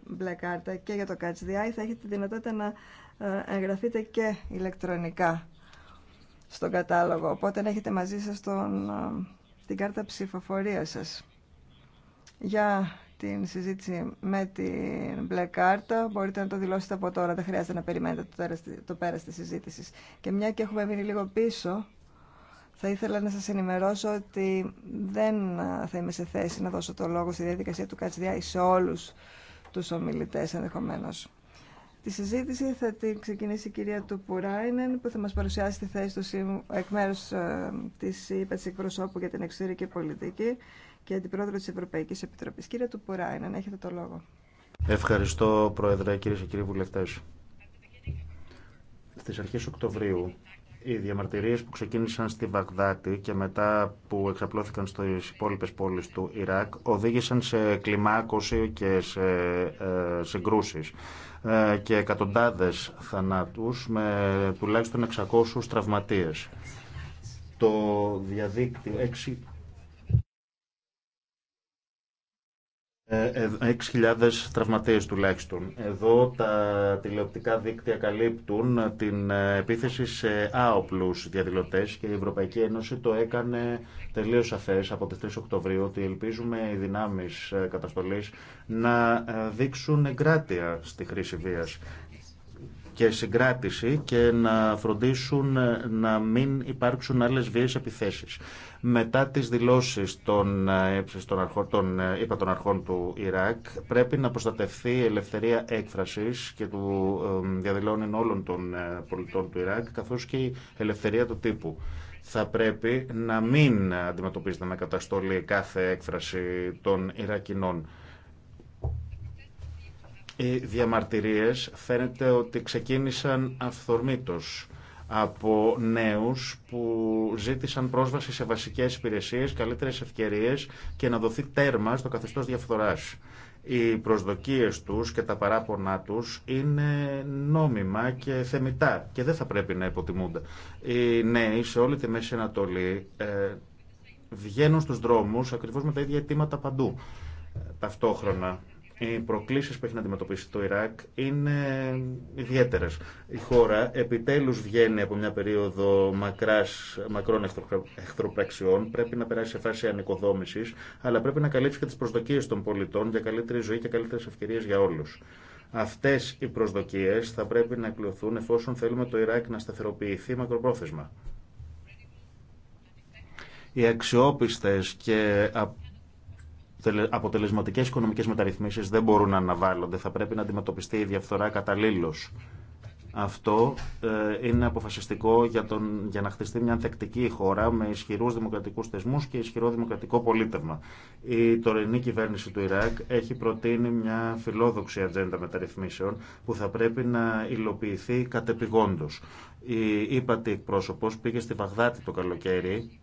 μπλε κάρτα και για το Catch the Eye θα έχετε τη δυνατότητα να ε, εγγραφείτε και ηλεκτρονικά στον κατάλογο. Οπότε να έχετε μαζί σας τον, ε, την κάρτα ψηφοφορία σας για την συζήτηση με την μπλε κάρτα. Μπορείτε να το δηλώσετε από τώρα, δεν χρειάζεται να περιμένετε το, τέρας, το πέρας της συζήτησης. Και μια και έχουμε μείνει λίγο πίσω, θα ήθελα να σας ενημερώσω ότι δεν θα είμαι σε θέση να δώσω το λόγο στη διαδικασία του Κατσδιάη σε όλους τους ομιλητές ενδεχομένω. Τη συζήτηση θα την ξεκινήσει η κυρία Τουπουράινεν που θα μας παρουσιάσει τη θέση του εκ μέρους ε, της ΥΠΑΤΣ εκπροσώπου για την εξωτερική πολιτική και Αντιπρόεδρο τη Ευρωπαϊκή Επιτροπή. Κύριε να έχετε το λόγο. Ευχαριστώ, Πρόεδρε, κυρίε και κύριοι βουλευτέ. Στι αρχέ Οκτωβρίου, οι διαμαρτυρίε που ξεκίνησαν στη Βαγδάτη και μετά που εξαπλώθηκαν στι υπόλοιπε πόλει του Ιράκ οδήγησαν σε κλιμάκωση και σε ε, συγκρούσει ε, και εκατοντάδε θανάτου, με τουλάχιστον 600 τραυματίε. Το διαδίκτυο, 6.000 ε, ε, τραυματίες τουλάχιστον. Εδώ τα τηλεοπτικά δίκτυα καλύπτουν την ε, επίθεση σε άοπλους διαδηλωτές και η Ευρωπαϊκή Ένωση το έκανε τελείως σαφές από τις 3 Οκτωβρίου ότι ελπίζουμε οι δυνάμεις καταστολής να δείξουν εγκράτεια στη χρήση βίας και συγκράτηση και να φροντίσουν να μην υπάρξουν άλλες βίες επιθέσεις. Μετά τις δηλώσεις των, ε, των, αρχών, των, ε, είπα, των αρχών του Ιράκ πρέπει να προστατευθεί η ελευθερία έκφρασης και του ε, διαδηλώνει όλων των πολιτών του Ιράκ καθώς και η ελευθερία του τύπου θα πρέπει να μην αντιμετωπίζεται με καταστολή κάθε έκφραση των Ιρακινών. Οι διαμαρτυρίες φαίνεται ότι ξεκίνησαν αυθορμήτως από νέους που ζήτησαν πρόσβαση σε βασικές υπηρεσίες, καλύτερες ευκαιρίες και να δοθεί τέρμα στο καθεστώς διαφθοράς. Οι προσδοκίες τους και τα παράπονά τους είναι νόμιμα και θεμητά και δεν θα πρέπει να υποτιμούνται. Οι νέοι σε όλη τη Μέση Ανατολή ε, βγαίνουν στους δρόμους ακριβώς με τα ίδια αιτήματα παντού. Ε, ταυτόχρονα οι προκλήσεις που έχει να αντιμετωπίσει το Ιράκ είναι ιδιαίτερες. Η χώρα επιτέλους βγαίνει από μια περίοδο μακράς, μακρών εχθροπραξιών, πρέπει να περάσει σε φάση ανοικοδόμησης, αλλά πρέπει να καλύψει και τις προσδοκίες των πολιτών για καλύτερη ζωή και καλύτερες ευκαιρίες για όλους. Αυτές οι προσδοκίες θα πρέπει να εκπληρωθούν εφόσον θέλουμε το Ιράκ να σταθεροποιηθεί μακροπρόθεσμα οι αξιόπιστες και αποτελεσματικές οικονομικές μεταρρυθμίσεις δεν μπορούν να αναβάλλονται. Θα πρέπει να αντιμετωπιστεί η διαφθορά καταλήλως. Αυτό ε, είναι αποφασιστικό για, τον, για να χτιστεί μια ανθεκτική χώρα με ισχυρούς δημοκρατικούς θεσμούς και ισχυρό δημοκρατικό πολίτευμα. Η τωρινή κυβέρνηση του Ιράκ έχει προτείνει μια φιλόδοξη ατζέντα μεταρρυθμίσεων που θα πρέπει να υλοποιηθεί κατεπηγόντως. Η ύπατη εκπρόσωπο, πήγε στη Βαγδάτη το καλοκαίρι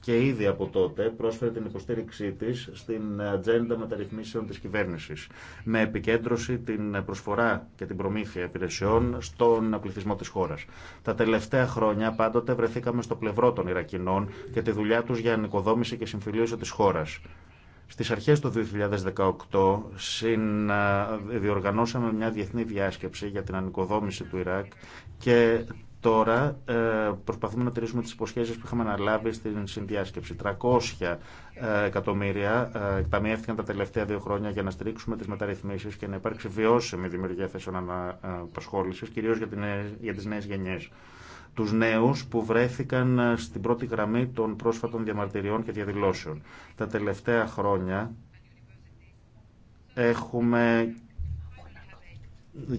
και ήδη από τότε πρόσφερε την υποστήριξή τη στην ατζέντα μεταρρυθμίσεων τη κυβέρνηση, με επικέντρωση την προσφορά και την προμήθεια υπηρεσιών στον πληθυσμό τη χώρα. Τα τελευταία χρόνια πάντοτε βρεθήκαμε στο πλευρό των Ιρακινών και τη δουλειά του για ανοικοδόμηση και συμφιλίωση τη χώρα. Στις αρχές του 2018 συν, ε, διοργανώσαμε μια διεθνή διάσκεψη για την ανοικοδόμηση του Ιράκ και Τώρα ε, προσπαθούμε να τηρήσουμε τις υποσχέσεις που είχαμε αναλάβει στην συνδιάσκεψη. 300 ε, εκατομμύρια ε, εκταμιεύτηκαν τα τελευταία δύο χρόνια για να στηρίξουμε τις μεταρρυθμίσεις και να υπάρξει βιώσιμη δημιουργία θέσεων αναπασχόλησης, κυρίως για τις νέες γενιές τους νέους που βρέθηκαν στην πρώτη γραμμή των πρόσφατων διαμαρτυριών και διαδηλώσεων. Τα τελευταία χρόνια έχουμε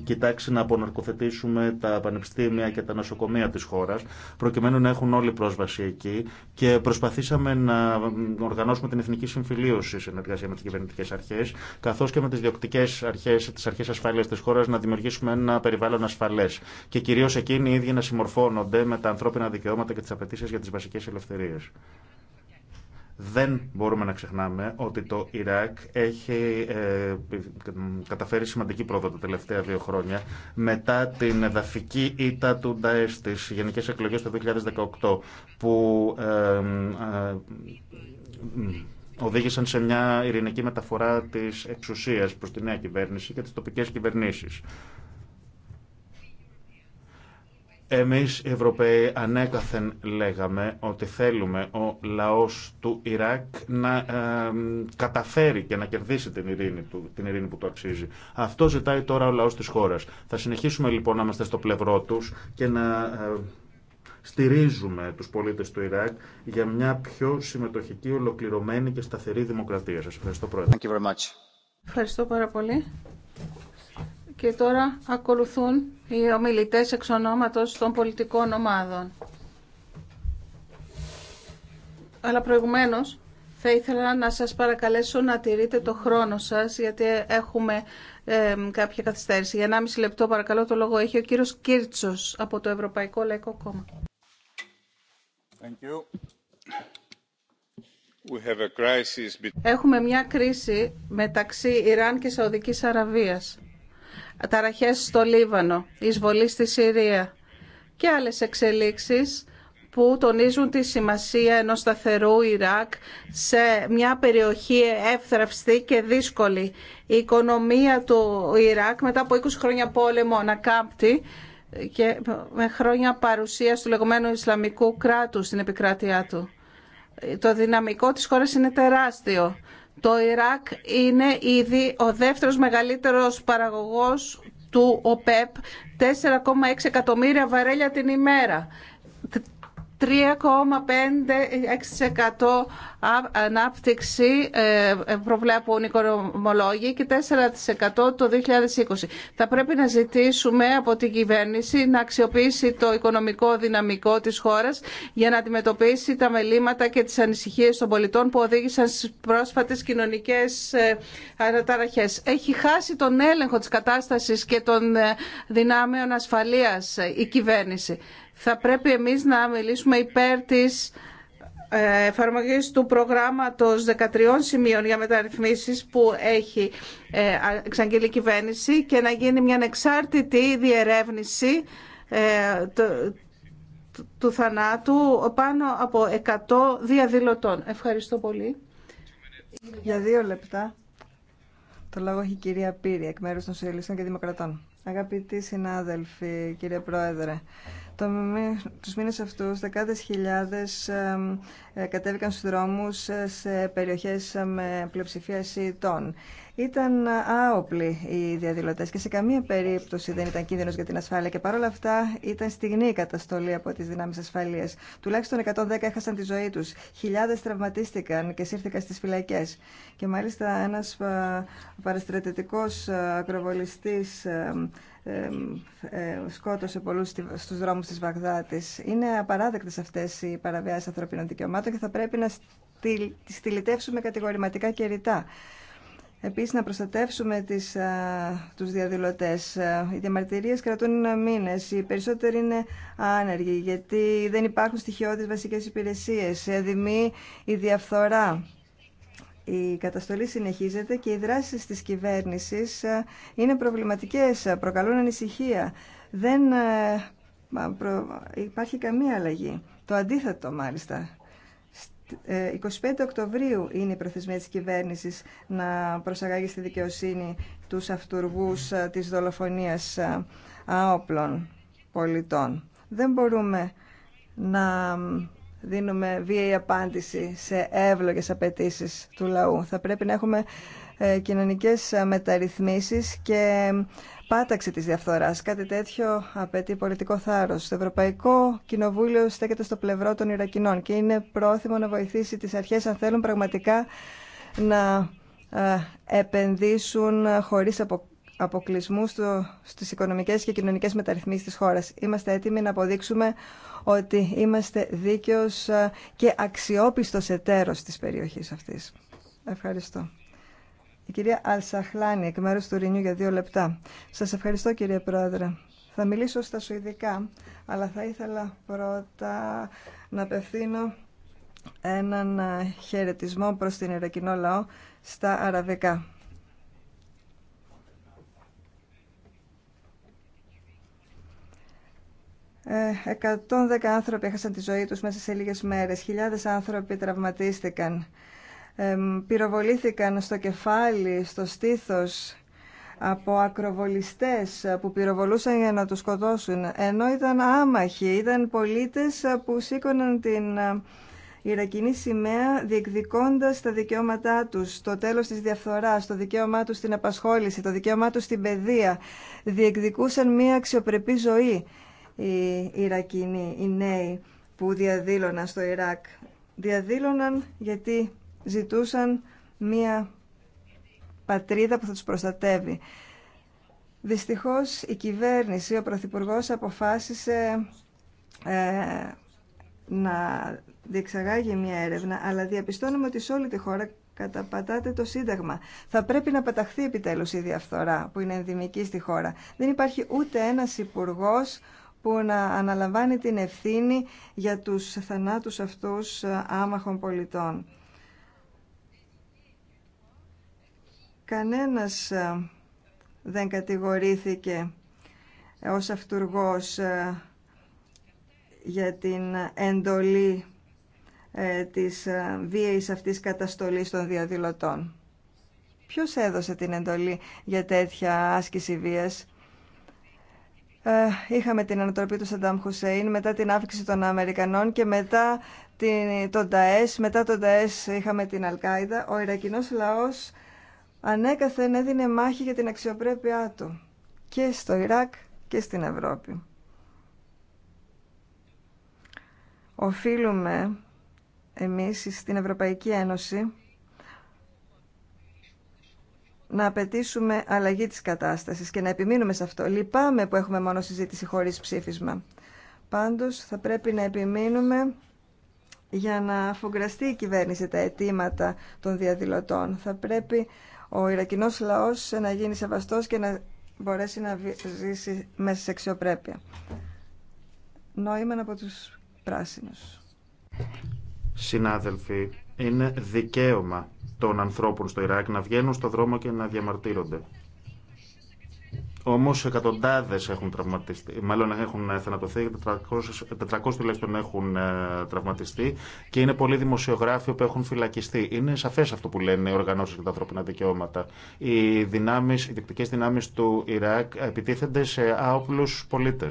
κοιτάξει να αποναρκοθετήσουμε τα πανεπιστήμια και τα νοσοκομεία της χώρας, προκειμένου να έχουν όλη πρόσβαση εκεί και προσπαθήσαμε να οργανώσουμε την Εθνική Συμφιλίωση συνεργασία με τις κυβερνητικές αρχές, καθώς και με τις διοκτικές αρχές, τις αρχές ασφάλειας της χώρας να δημιουργήσουμε ένα περιβάλλον ασφαλές και κυρίως εκείνοι οι ίδιοι να συμμορφώνονται με τα ανθρώπινα δικαιώματα και τις απαιτήσει για τις βασικές ελευθερίες. Δεν μπορούμε να ξεχνάμε ότι το Ιράκ έχει ε, καταφέρει σημαντική πρόοδο τα τελευταία δύο χρόνια μετά την εδαφική ήττα του Νταές στις γενικές εκλογές του 2018 που ε, ε, οδήγησαν σε μια ειρηνική μεταφορά της εξουσίας προς τη νέα κυβέρνηση και τις τοπικές κυβερνήσεις. Εμείς οι Ευρωπαίοι ανέκαθεν λέγαμε ότι θέλουμε ο λαός του Ιράκ να ε, καταφέρει και να κερδίσει την ειρήνη, του, την ειρήνη που του αξίζει. Αυτό ζητάει τώρα ο λαός της χώρας. Θα συνεχίσουμε λοιπόν να είμαστε στο πλευρό τους και να ε, στηρίζουμε τους πολίτες του Ιράκ για μια πιο συμμετοχική, ολοκληρωμένη και σταθερή δημοκρατία. Σας ευχαριστώ Πρόεδρε. Ευχαριστώ πάρα πολύ. Και τώρα ακολουθούν οι ομιλητές εξ ονόματος των πολιτικών ομάδων. Αλλά προηγουμένως θα ήθελα να σας παρακαλέσω να τηρείτε το χρόνο σας γιατί έχουμε κάποια καθυστέρηση. Για 1,5 λεπτό παρακαλώ το λόγο έχει ο κύριος Κίρτσος από το Ευρωπαϊκό Λαϊκό Κόμμα. Έχουμε μια κρίση μεταξύ Ιράν και Σαουδικής Αραβίας ταραχές στο Λίβανο, εισβολή στη Συρία και άλλες εξελίξεις που τονίζουν τη σημασία ενός σταθερού Ιράκ σε μια περιοχή εύθραυστη και δύσκολη. Η οικονομία του Ιράκ μετά από 20 χρόνια πόλεμο ανακάμπτει και με χρόνια παρουσία του λεγόμενου Ισλαμικού κράτους στην επικράτειά του. Το δυναμικό της χώρας είναι τεράστιο το Ιράκ είναι ήδη ο δεύτερος μεγαλύτερος παραγωγός του ΟΠΕΠ, 4,6 εκατομμύρια βαρέλια την ημέρα. 3,5% ανάπτυξη ε, ε, προβλέπουν οι οικονομολόγοι και 4% το 2020. Θα πρέπει να ζητήσουμε από την κυβέρνηση να αξιοποιήσει το οικονομικό δυναμικό της χώρας για να αντιμετωπίσει τα μελήματα και τις ανησυχίες των πολιτών που οδήγησαν στις πρόσφατες κοινωνικές ε, αναταραχές. Έχει χάσει τον έλεγχο της κατάστασης και των δυνάμεων ασφαλείας η κυβέρνηση θα πρέπει εμείς να μιλήσουμε υπέρ της ε, εφαρμογής του προγράμματος 13 σημείων για μεταρρυθμίσεις που έχει ε, εξαγγείλει η κυβέρνηση και να γίνει μια ανεξάρτητη διερεύνηση ε, του θανάτου πάνω από 100 διαδηλωτών. Ευχαριστώ πολύ. Για δύο λεπτά. Το λόγο έχει η κυρία Πύρη, εκ μέρους των Σοσιαλιστών και Δημοκρατών. Αγαπητοί συνάδελφοι, κύριε Πρόεδρε, το, τους μήνες αυτούς δεκάδες χιλιάδες ε, κατέβηκαν στους δρόμους ε, σε περιοχές ε, με πλειοψηφία σιτών. Ήταν άοπλοι οι διαδηλωτέ και σε καμία περίπτωση δεν ήταν κίνδυνο για την ασφάλεια. Και παρόλα αυτά ήταν στιγμή η καταστολή από τι δυνάμει ασφαλεία. Τουλάχιστον 110 έχασαν τη ζωή του. Χιλιάδε τραυματίστηκαν και σύρθηκαν στι φυλακέ. Και μάλιστα ένα παραστρατητικό ακροβολιστή ε, σκότωσε πολλούς στους δρόμους της Βαγδάτης. Είναι απαράδεκτες αυτές οι παραβιάσει ανθρωπίνων δικαιωμάτων και θα πρέπει να τις τηλητεύσουμε κατηγορηματικά και ρητά. Επίσης να προστατεύσουμε του διαδηλωτέ. τους ε, Οι διαμαρτυρίες κρατούν μήνε. Οι περισσότεροι είναι άνεργοι γιατί δεν υπάρχουν στοιχειώδεις βασικές υπηρεσίες. Εδημεί η διαφθορά η καταστολή συνεχίζεται και οι δράσεις της κυβέρνησης ε, είναι προβληματικές, ε, προκαλούν ανησυχία. Δεν ε, υπάρχει καμία αλλαγή. Το αντίθετο μάλιστα. 25 Οκτωβρίου είναι η προθεσμία της κυβέρνησης να προσαγάγει στη δικαιοσύνη τους αυτούργους της δολοφονίας άοπλων πολιτών. Δεν μπορούμε να δίνουμε βίαιη απάντηση σε εύλογες απαιτήσει του λαού. Θα πρέπει να έχουμε ε, κοινωνικές ε, μεταρρυθμίσεις και ε, πάταξη της διαφθοράς. Κάτι τέτοιο απαιτεί πολιτικό θάρρος. Το Ευρωπαϊκό Κοινοβούλιο στέκεται στο πλευρό των Ιρακινών και είναι πρόθυμο να βοηθήσει τις αρχές αν θέλουν πραγματικά να επενδύσουν χωρίς αποκλεισμού στις οικονομικές και κοινωνικές μεταρρυθμίσεις της χώρας. Είμαστε έτοιμοι να αποδείξουμε ότι είμαστε δίκαιος ε, και αξιόπιστος εταίρος της περιοχής αυτής. Ευχαριστώ. Η κυρία Αλσαχλάνη, εκ μέρους του Ρινιού για δύο λεπτά. Σας ευχαριστώ κύριε Πρόεδρε. Θα μιλήσω στα Σουηδικά, αλλά θα ήθελα πρώτα να απευθύνω έναν ε, χαιρετισμό προς την Ιρακινό λαό στα Αραβικά. 110 ε, άνθρωποι έχασαν τη ζωή τους μέσα σε λίγες μέρες, χιλιάδες άνθρωποι τραυματίστηκαν, ε, πυροβολήθηκαν στο κεφάλι, στο στήθος από ακροβολιστές που πυροβολούσαν για να τους σκοτώσουν, ενώ ήταν άμαχοι, ήταν πολίτες που σήκωναν την ε, Ιρακινή σημαία διεκδικώντας τα δικαιώματά τους, το τέλος της διαφθοράς, το δικαίωμά τους στην απασχόληση, το δικαίωμά τους στην παιδεία, διεκδικούσαν μια αξιοπρεπή ζωή οι Ιρακινοί, οι νέοι που διαδήλωναν στο Ιράκ. Διαδήλωναν γιατί ζητούσαν μία πατρίδα που θα τους προστατεύει. Δυστυχώς η κυβέρνηση, ο Πρωθυπουργό αποφάσισε ε, να διεξαγάγει μια έρευνα, αλλά διαπιστώνουμε ότι σε όλη τη χώρα καταπατάται το Σύνταγμα. Θα πρέπει να παταχθεί επιτέλους η διαφθορά που είναι ενδημική στη χώρα. Δεν υπάρχει ούτε ένας υπουργός, που να αναλαμβάνει την ευθύνη για τους θανάτους αυτούς ε, άμαχων πολιτών. Κανένας ε, δεν κατηγορήθηκε ως αυτούργός ε, για την εντολή της βίαιης αυτής καταστολής των διαδηλωτών. Ποιος έδωσε την εντολή για τέτοια άσκηση βίας ε, είχαμε την ανατροπή του Σαντάμ Χουσέιν, μετά την άφηξη των Αμερικανών και μετά την, τον ΤΑΕΣ, μετά τον ΤΑΕΣ είχαμε την Αλκάιδα, ο Ιρακινός λαός ανέκαθεν έδινε μάχη για την αξιοπρέπειά του και στο Ιράκ και στην Ευρώπη. Οφείλουμε εμείς στην Ευρωπαϊκή Ένωση να απαιτήσουμε αλλαγή της κατάστασης και να επιμείνουμε σε αυτό. Λυπάμαι που έχουμε μόνο συζήτηση χωρίς ψήφισμα. Πάντως θα πρέπει να επιμείνουμε για να αφογκραστεί η κυβέρνηση τα αιτήματα των διαδηλωτών. Θα πρέπει ο Ιρακινός λαός να γίνει σεβαστός και να μπορέσει να ζήσει μέσα σε αξιοπρέπεια. Νόημα από τους πράσινους. Συνάδελφοι, είναι δικαίωμα των ανθρώπων στο Ιράκ να βγαίνουν στο δρόμο και να διαμαρτύρονται. Όμως εκατοντάδες έχουν τραυματιστεί, μάλλον έχουν θανατωθεί, 400, τουλάχιστον έχουν ε, τραυματιστεί και είναι πολλοί δημοσιογράφοι που έχουν φυλακιστεί. Είναι σαφές αυτό που λένε οι οργανώσεις για τα ανθρώπινα δικαιώματα. Οι, δυνάμεις, οι δυνάμει του Ιράκ επιτίθενται σε άοπλους πολίτε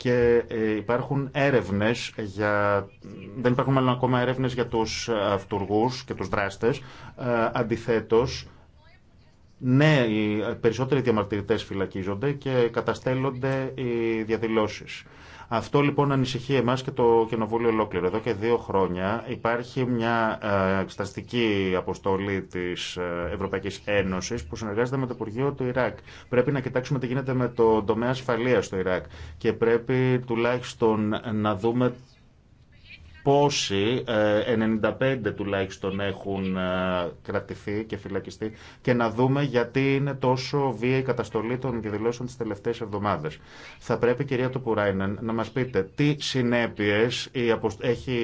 και ε, υπάρχουν έρευνες για... δεν υπάρχουν μάλλον ακόμα έρευνες για τους αυτούργους και τους δράστες. Ε, αντιθέτως, ναι, περισσότεροι διαμαρτυρητές φυλακίζονται και καταστέλλονται οι διαδηλώσεις. Αυτό λοιπόν ανησυχεί εμά και το κοινοβούλιο ολόκληρο. Εδώ και δύο χρόνια υπάρχει μια εξεταστική αποστολή τη ε, Ευρωπαϊκή Ένωση που συνεργάζεται με το Υπουργείο του Ιράκ. Πρέπει να κοιτάξουμε τι γίνεται με το τομέα ασφαλεία στο Ιράκ και πρέπει τουλάχιστον να δούμε πόσοι, 95 ε, τουλάχιστον έχουν ε, κρατηθεί και φυλακιστεί και να δούμε γιατί είναι τόσο βία η καταστολή των διαδηλώσεων τις τελευταίες εβδομάδες. Θα πρέπει κυρία Τουπουράινεν να μας πείτε τι συνέπειες έχει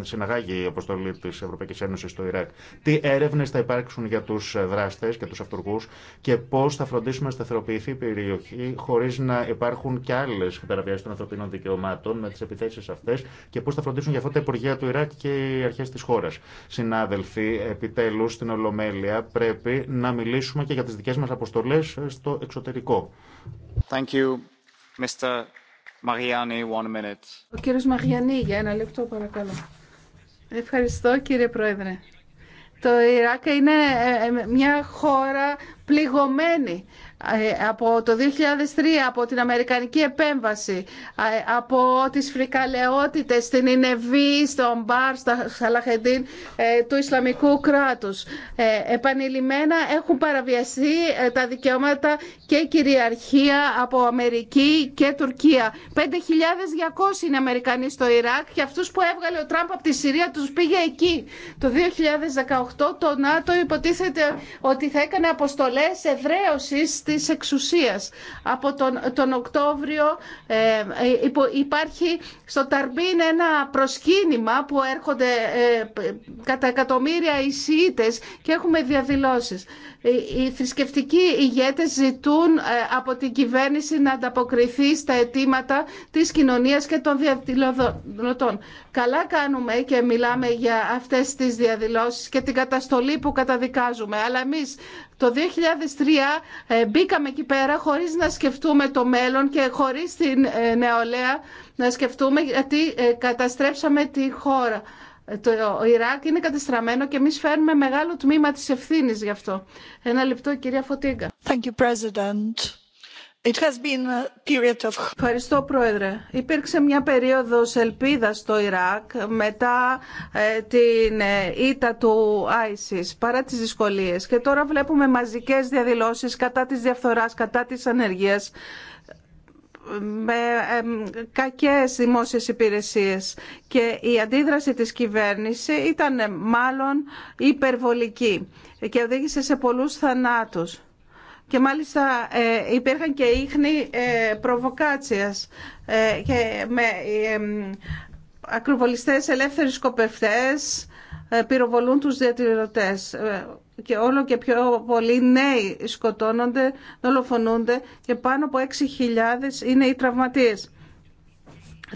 συναγάγει η αποστολή της Ευρωπαϊκής Ένωσης στο Ιράκ, τι έρευνες θα υπάρξουν για τους δράστες και τους αυτοργούς και πώς θα φροντίσουμε να σταθεροποιηθεί η περιοχή χωρίς να υπάρχουν και άλλες παραβιάσεις των ανθρωπίνων δικαιωμάτων με τις επιθέσεις αυτές και πώς θα φροντίσουν για αυτό τα Υπουργεία του Ιράκ και οι αρχέ τη χώρα. Συνάδελφοι, επιτέλου στην Ολομέλεια πρέπει να μιλήσουμε και για τι δικέ μα αποστολέ στο εξωτερικό. Thank you, Mr. Mariani, one minute. Ο κύριος Μαγιανή, για ένα λεπτό παρακαλώ. Ευχαριστώ κύριε Πρόεδρε. Το Ιράκ είναι ε, ε, μια χώρα πληγωμένη ε, από το 2003, από την Αμερικανική επέμβαση, ε, από τις φρικαλαιότητες στην Ινεβή, στον Μπαρ, στα Σαλαχεντίν ε, του Ισλαμικού κράτους. Επανειλημμένα έχουν παραβιαστεί τα δικαιώματα και κυριαρχία από Αμερική και Τουρκία. 5.200 είναι Αμερικανοί στο Ιράκ και αυτούς που έβγαλε ο Τραμπ από τη Συρία τους πήγε εκεί. Το 2018 το ΝΑΤΟ υποτίθεται ότι θα έκανε αποστολές εδραίωσης της εξουσίας. Από τον, τον Οκτώβριο ε, υπάρχει στο Ταρμπίν ένα προσκύνημα που έρχονται ε, κατά εκατομμύρια οι και έχουμε διαδηλώσεις. Οι θρησκευτικοί ηγέτες ζητούν ε, από την κυβέρνηση να ανταποκριθεί στα αιτήματα της κοινωνίας και των διαδηλωτών. Καλά κάνουμε και μιλάμε για αυτές τις διαδηλώσεις και την καταστολή που καταδικάζουμε. Αλλά εμείς το 2003 ε, μπήκαμε εκεί πέρα χωρίς να σκεφτούμε το μέλλον και χωρίς την ε, νεολαία να σκεφτούμε γιατί καταστρέψαμε τη χώρα. Το Ιράκ είναι κατεστραμμένο και εμεί φέρνουμε μεγάλο τμήμα της ευθύνης γι' αυτό. Ένα λεπτό, κυρία Φωτίγκα. Ευχαριστώ, Πρόεδρε. Υπήρξε μια περίοδος ελπίδας στο Ιράκ μετά ε, την ε, ήττα του ISIS, παρά τις δυσκολίες. Και τώρα βλέπουμε μαζικές διαδηλώσεις κατά της διαφθοράς, κατά της ανεργίας με κακές δημόσιες υπηρεσίες και η αντίδραση της κυβέρνησης ήταν ε, μάλλον υπερβολική και οδήγησε σε πολλούς θανάτους. Και μάλιστα ε, υπήρχαν και ίχνη ε, προβοκάτσιας και με ακροβολιστές ελεύθεροι σκοπευτές πυροβολούν τους διατηρητές και όλο και πιο πολλοί νέοι σκοτώνονται, δολοφονούνται και πάνω από 6.000 είναι οι τραυματίες.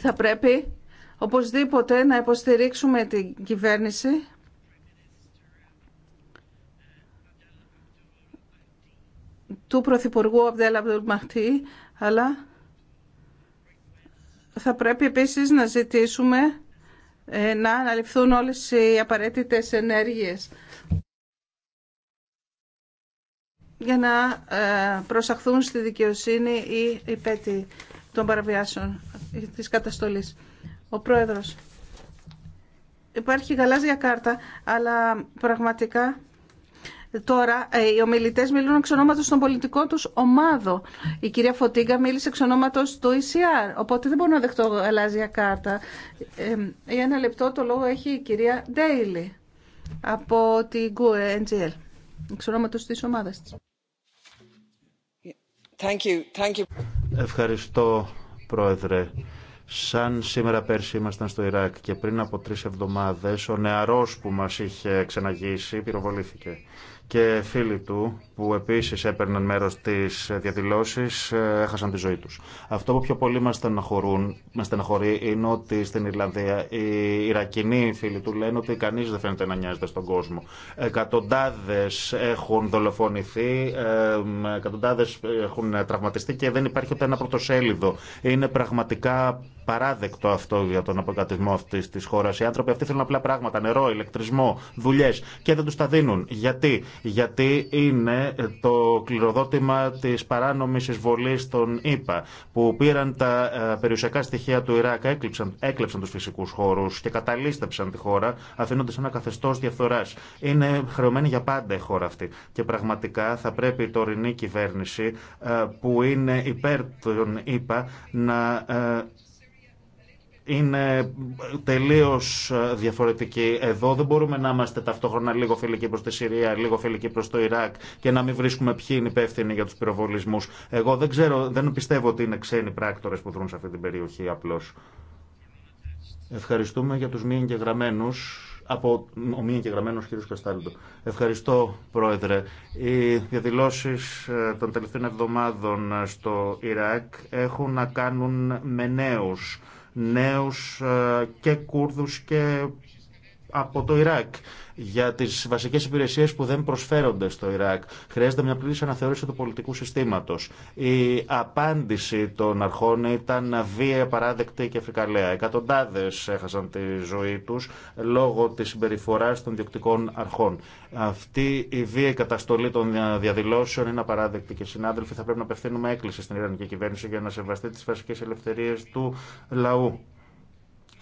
Θα πρέπει οπωσδήποτε να υποστηρίξουμε την κυβέρνηση του Πρωθυπουργού Αβδέλα Μαχτή, αλλά θα πρέπει επίσης να ζητήσουμε ε, να αναλυφθούν όλες οι απαραίτητες ενέργειες για να ε, προσαχθούν στη δικαιοσύνη Η υπετη των παραβιάσεων ε, της καταστολής. Ο Πρόεδρος. Υπάρχει γαλάζια κάρτα, αλλά πραγματικά τώρα ε, οι ομιλητές μιλούν εξ ονόματος των πολιτικών τους ομάδων. Η κυρία Φωτίγκα μίλησε εξ ονόματος του ECR, οπότε δεν μπορώ να δεχτώ γαλάζια κάρτα. Για ένα λεπτό το λόγο έχει η κυρία Ντέιλι από την GUE NGL, εξ ονόματος της ομάδας της. Ευχαριστώ, Πρόεδρε. Σαν σήμερα πέρσι ήμασταν στο Ιράκ και πριν από τρεις εβδομάδες ο νεαρός που μας είχε ξεναγήσει πυροβολήθηκε και φίλοι του που επίσης έπαιρναν μέρος στις διαδηλώσεις ε, έχασαν τη ζωή τους. Αυτό που πιο πολύ μας, μας στεναχωρεί είναι ότι στην Ιρλανδία οι Ιρακινοί φίλοι του λένε ότι κανείς δεν φαίνεται να νοιάζεται στον κόσμο. Εκατοντάδες έχουν δολοφονηθεί, εκατοντάδες έχουν τραυματιστεί και δεν υπάρχει ούτε ένα πρωτοσέλιδο. Είναι πραγματικά παράδεκτο αυτό για τον αποκατισμό αυτή τη χώρα. Οι άνθρωποι αυτοί θέλουν απλά πράγματα, νερό, ηλεκτρισμό, δουλειέ και δεν του τα δίνουν. Γιατί, Γιατί είναι το κληροδότημα της παράνομης εισβολής των ΗΠΑ που πήραν τα ε, περιουσιακά στοιχεία του Ιράκ, έκλεψαν, έκλεψαν τους φυσικούς χώρους και καταλήστεψαν τη χώρα αφήνοντας ένα καθεστώς διαφθοράς. Είναι χρεωμένη για πάντα η χώρα αυτή και πραγματικά θα πρέπει η τωρινή κυβέρνηση ε, που είναι υπέρ των ΗΠΑ να ε, είναι τελείω διαφορετική. Εδώ δεν μπορούμε να είμαστε ταυτόχρονα λίγο φιλικοί προ τη Συρία, λίγο φιλικοί προ το Ιράκ και να μην βρίσκουμε ποιοι είναι υπεύθυνοι για του πυροβολισμού. Εγώ δεν ξέρω, δεν πιστεύω ότι είναι ξένοι πράκτορε που δρούν σε αυτή την περιοχή απλώ. Ευχαριστούμε για του μη εγγεγραμμένου από ο μη εγγεγραμμένο κ. Καστάλντο. Ευχαριστώ, Πρόεδρε. Οι διαδηλώσει ε, των τελευταίων εβδομάδων ε, στο Ιράκ έχουν να κάνουν με νέου νέους ε, και Κούρδους και από το Ιράκ για τι βασικέ υπηρεσίε που δεν προσφέρονται στο Ιράκ. Χρειάζεται μια πλήρη αναθεώρηση του πολιτικού συστήματο. Η απάντηση των αρχών ήταν βία, παράδεκτη και φρικαλέα. Εκατοντάδε έχασαν τη ζωή του λόγω τη συμπεριφορά των διοκτικών αρχών. Αυτή η βία καταστολή των διαδηλώσεων είναι απαράδεκτη και συνάδελφοι θα πρέπει να απευθύνουμε έκκληση στην Ιρανική κυβέρνηση για να σεβαστεί τι βασικέ ελευθερίε του λαού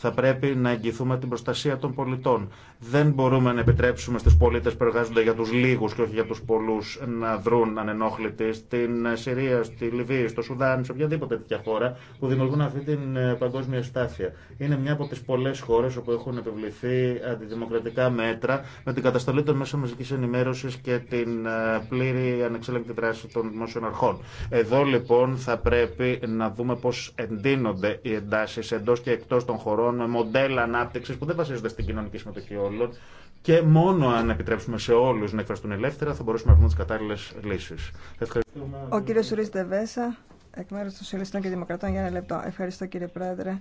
θα πρέπει να εγγυηθούμε την προστασία των πολιτών. Δεν μπορούμε να επιτρέψουμε στου πολίτε που εργάζονται για του λίγου και όχι για του πολλού να δρουν ανενόχλητοι στην Συρία, στη Λιβύη, στο Σουδάν, σε οποιαδήποτε τέτοια χώρα που δημιουργούν αυτή την ε, παγκόσμια στάθεια. Είναι μια από τι πολλέ χώρε όπου έχουν επιβληθεί αντιδημοκρατικά μέτρα με την καταστολή των μέσων μαζική ενημέρωση και την ε, πλήρη ανεξέλεγκτη δράση των δημόσιων αρχών. Εδώ λοιπόν θα πρέπει να δούμε πώ εντείνονται οι εντάσει εντό και εκτό των χωρών χωρών, μοντέλα ανάπτυξη που δεν βασίζονται στην κοινωνική συμμετοχή όλων. Και μόνο αν επιτρέψουμε σε όλου να εκφραστούν ελεύθερα θα μπορέσουμε να βρούμε τι κατάλληλε λύσει. Ο κύριο Ρουί Δεβέσα, εκ μέρου των Σοσιαλιστών και Δημοκρατών, για ένα λεπτό. Ευχαριστώ κύριε Πρόεδρε.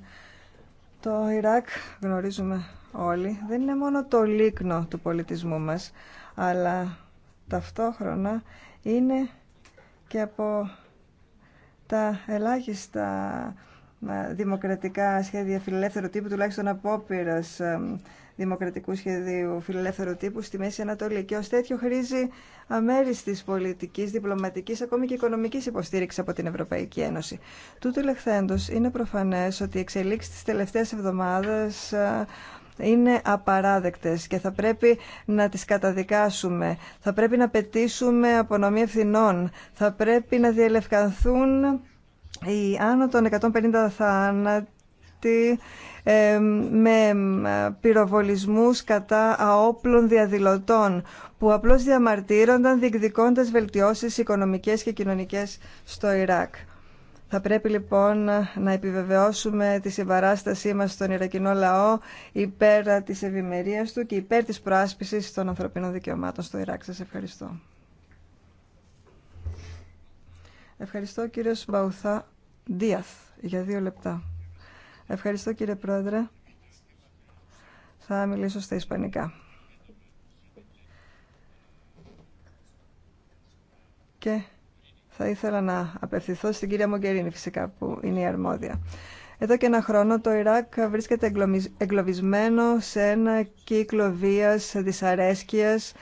Το Ιράκ, γνωρίζουμε όλοι, δεν είναι μόνο το λίκνο του πολιτισμού μας, αλλά ταυτόχρονα είναι και από τα ελάχιστα δημοκρατικά σχέδια φιλελεύθερου τύπου, τουλάχιστον απόπειρα ε, δημοκρατικού σχεδίου φιλελεύθερου τύπου στη Μέση Ανατολή. Και ω τέτοιο χρήζει αμέριστη πολιτική, διπλωματική, ακόμη και οικονομική υποστήριξη από την Ευρωπαϊκή Ένωση. Τούτου λεχθέντο, είναι προφανέ ότι οι εξελίξει τη τελευταία εβδομάδα ε, είναι απαράδεκτες και θα πρέπει να τις καταδικάσουμε. Θα πρέπει να πετήσουμε απονομή ευθυνών. Θα πρέπει να διελευκανθούν η άνω των 150 θάνατοι ε, με ε, πυροβολισμούς κατά αόπλων διαδηλωτών που απλώς διαμαρτύρονταν διεκδικώντας βελτιώσεις οικονομικές και κοινωνικές στο Ιράκ. Θα πρέπει λοιπόν να επιβεβαιώσουμε τη συμπαράστασή μας στον Ιρακινό λαό υπέρ της ευημερίας του και υπέρ της προάσπισης των ανθρωπίνων δικαιωμάτων στο Ιράκ. Σας ευχαριστώ. Ευχαριστώ κύριε Σμπαουθά Δίαθ για δύο λεπτά. Ευχαριστώ κύριε Πρόεδρε. Θα μιλήσω στα Ισπανικά. Και θα ήθελα να απευθυνθώ στην κυρία Μογκερίνη φυσικά που είναι η αρμόδια. Εδώ και ένα χρόνο το Ιράκ βρίσκεται εγκλωβισμένο σε ένα κύκλο βίας, δυσαρέσκειας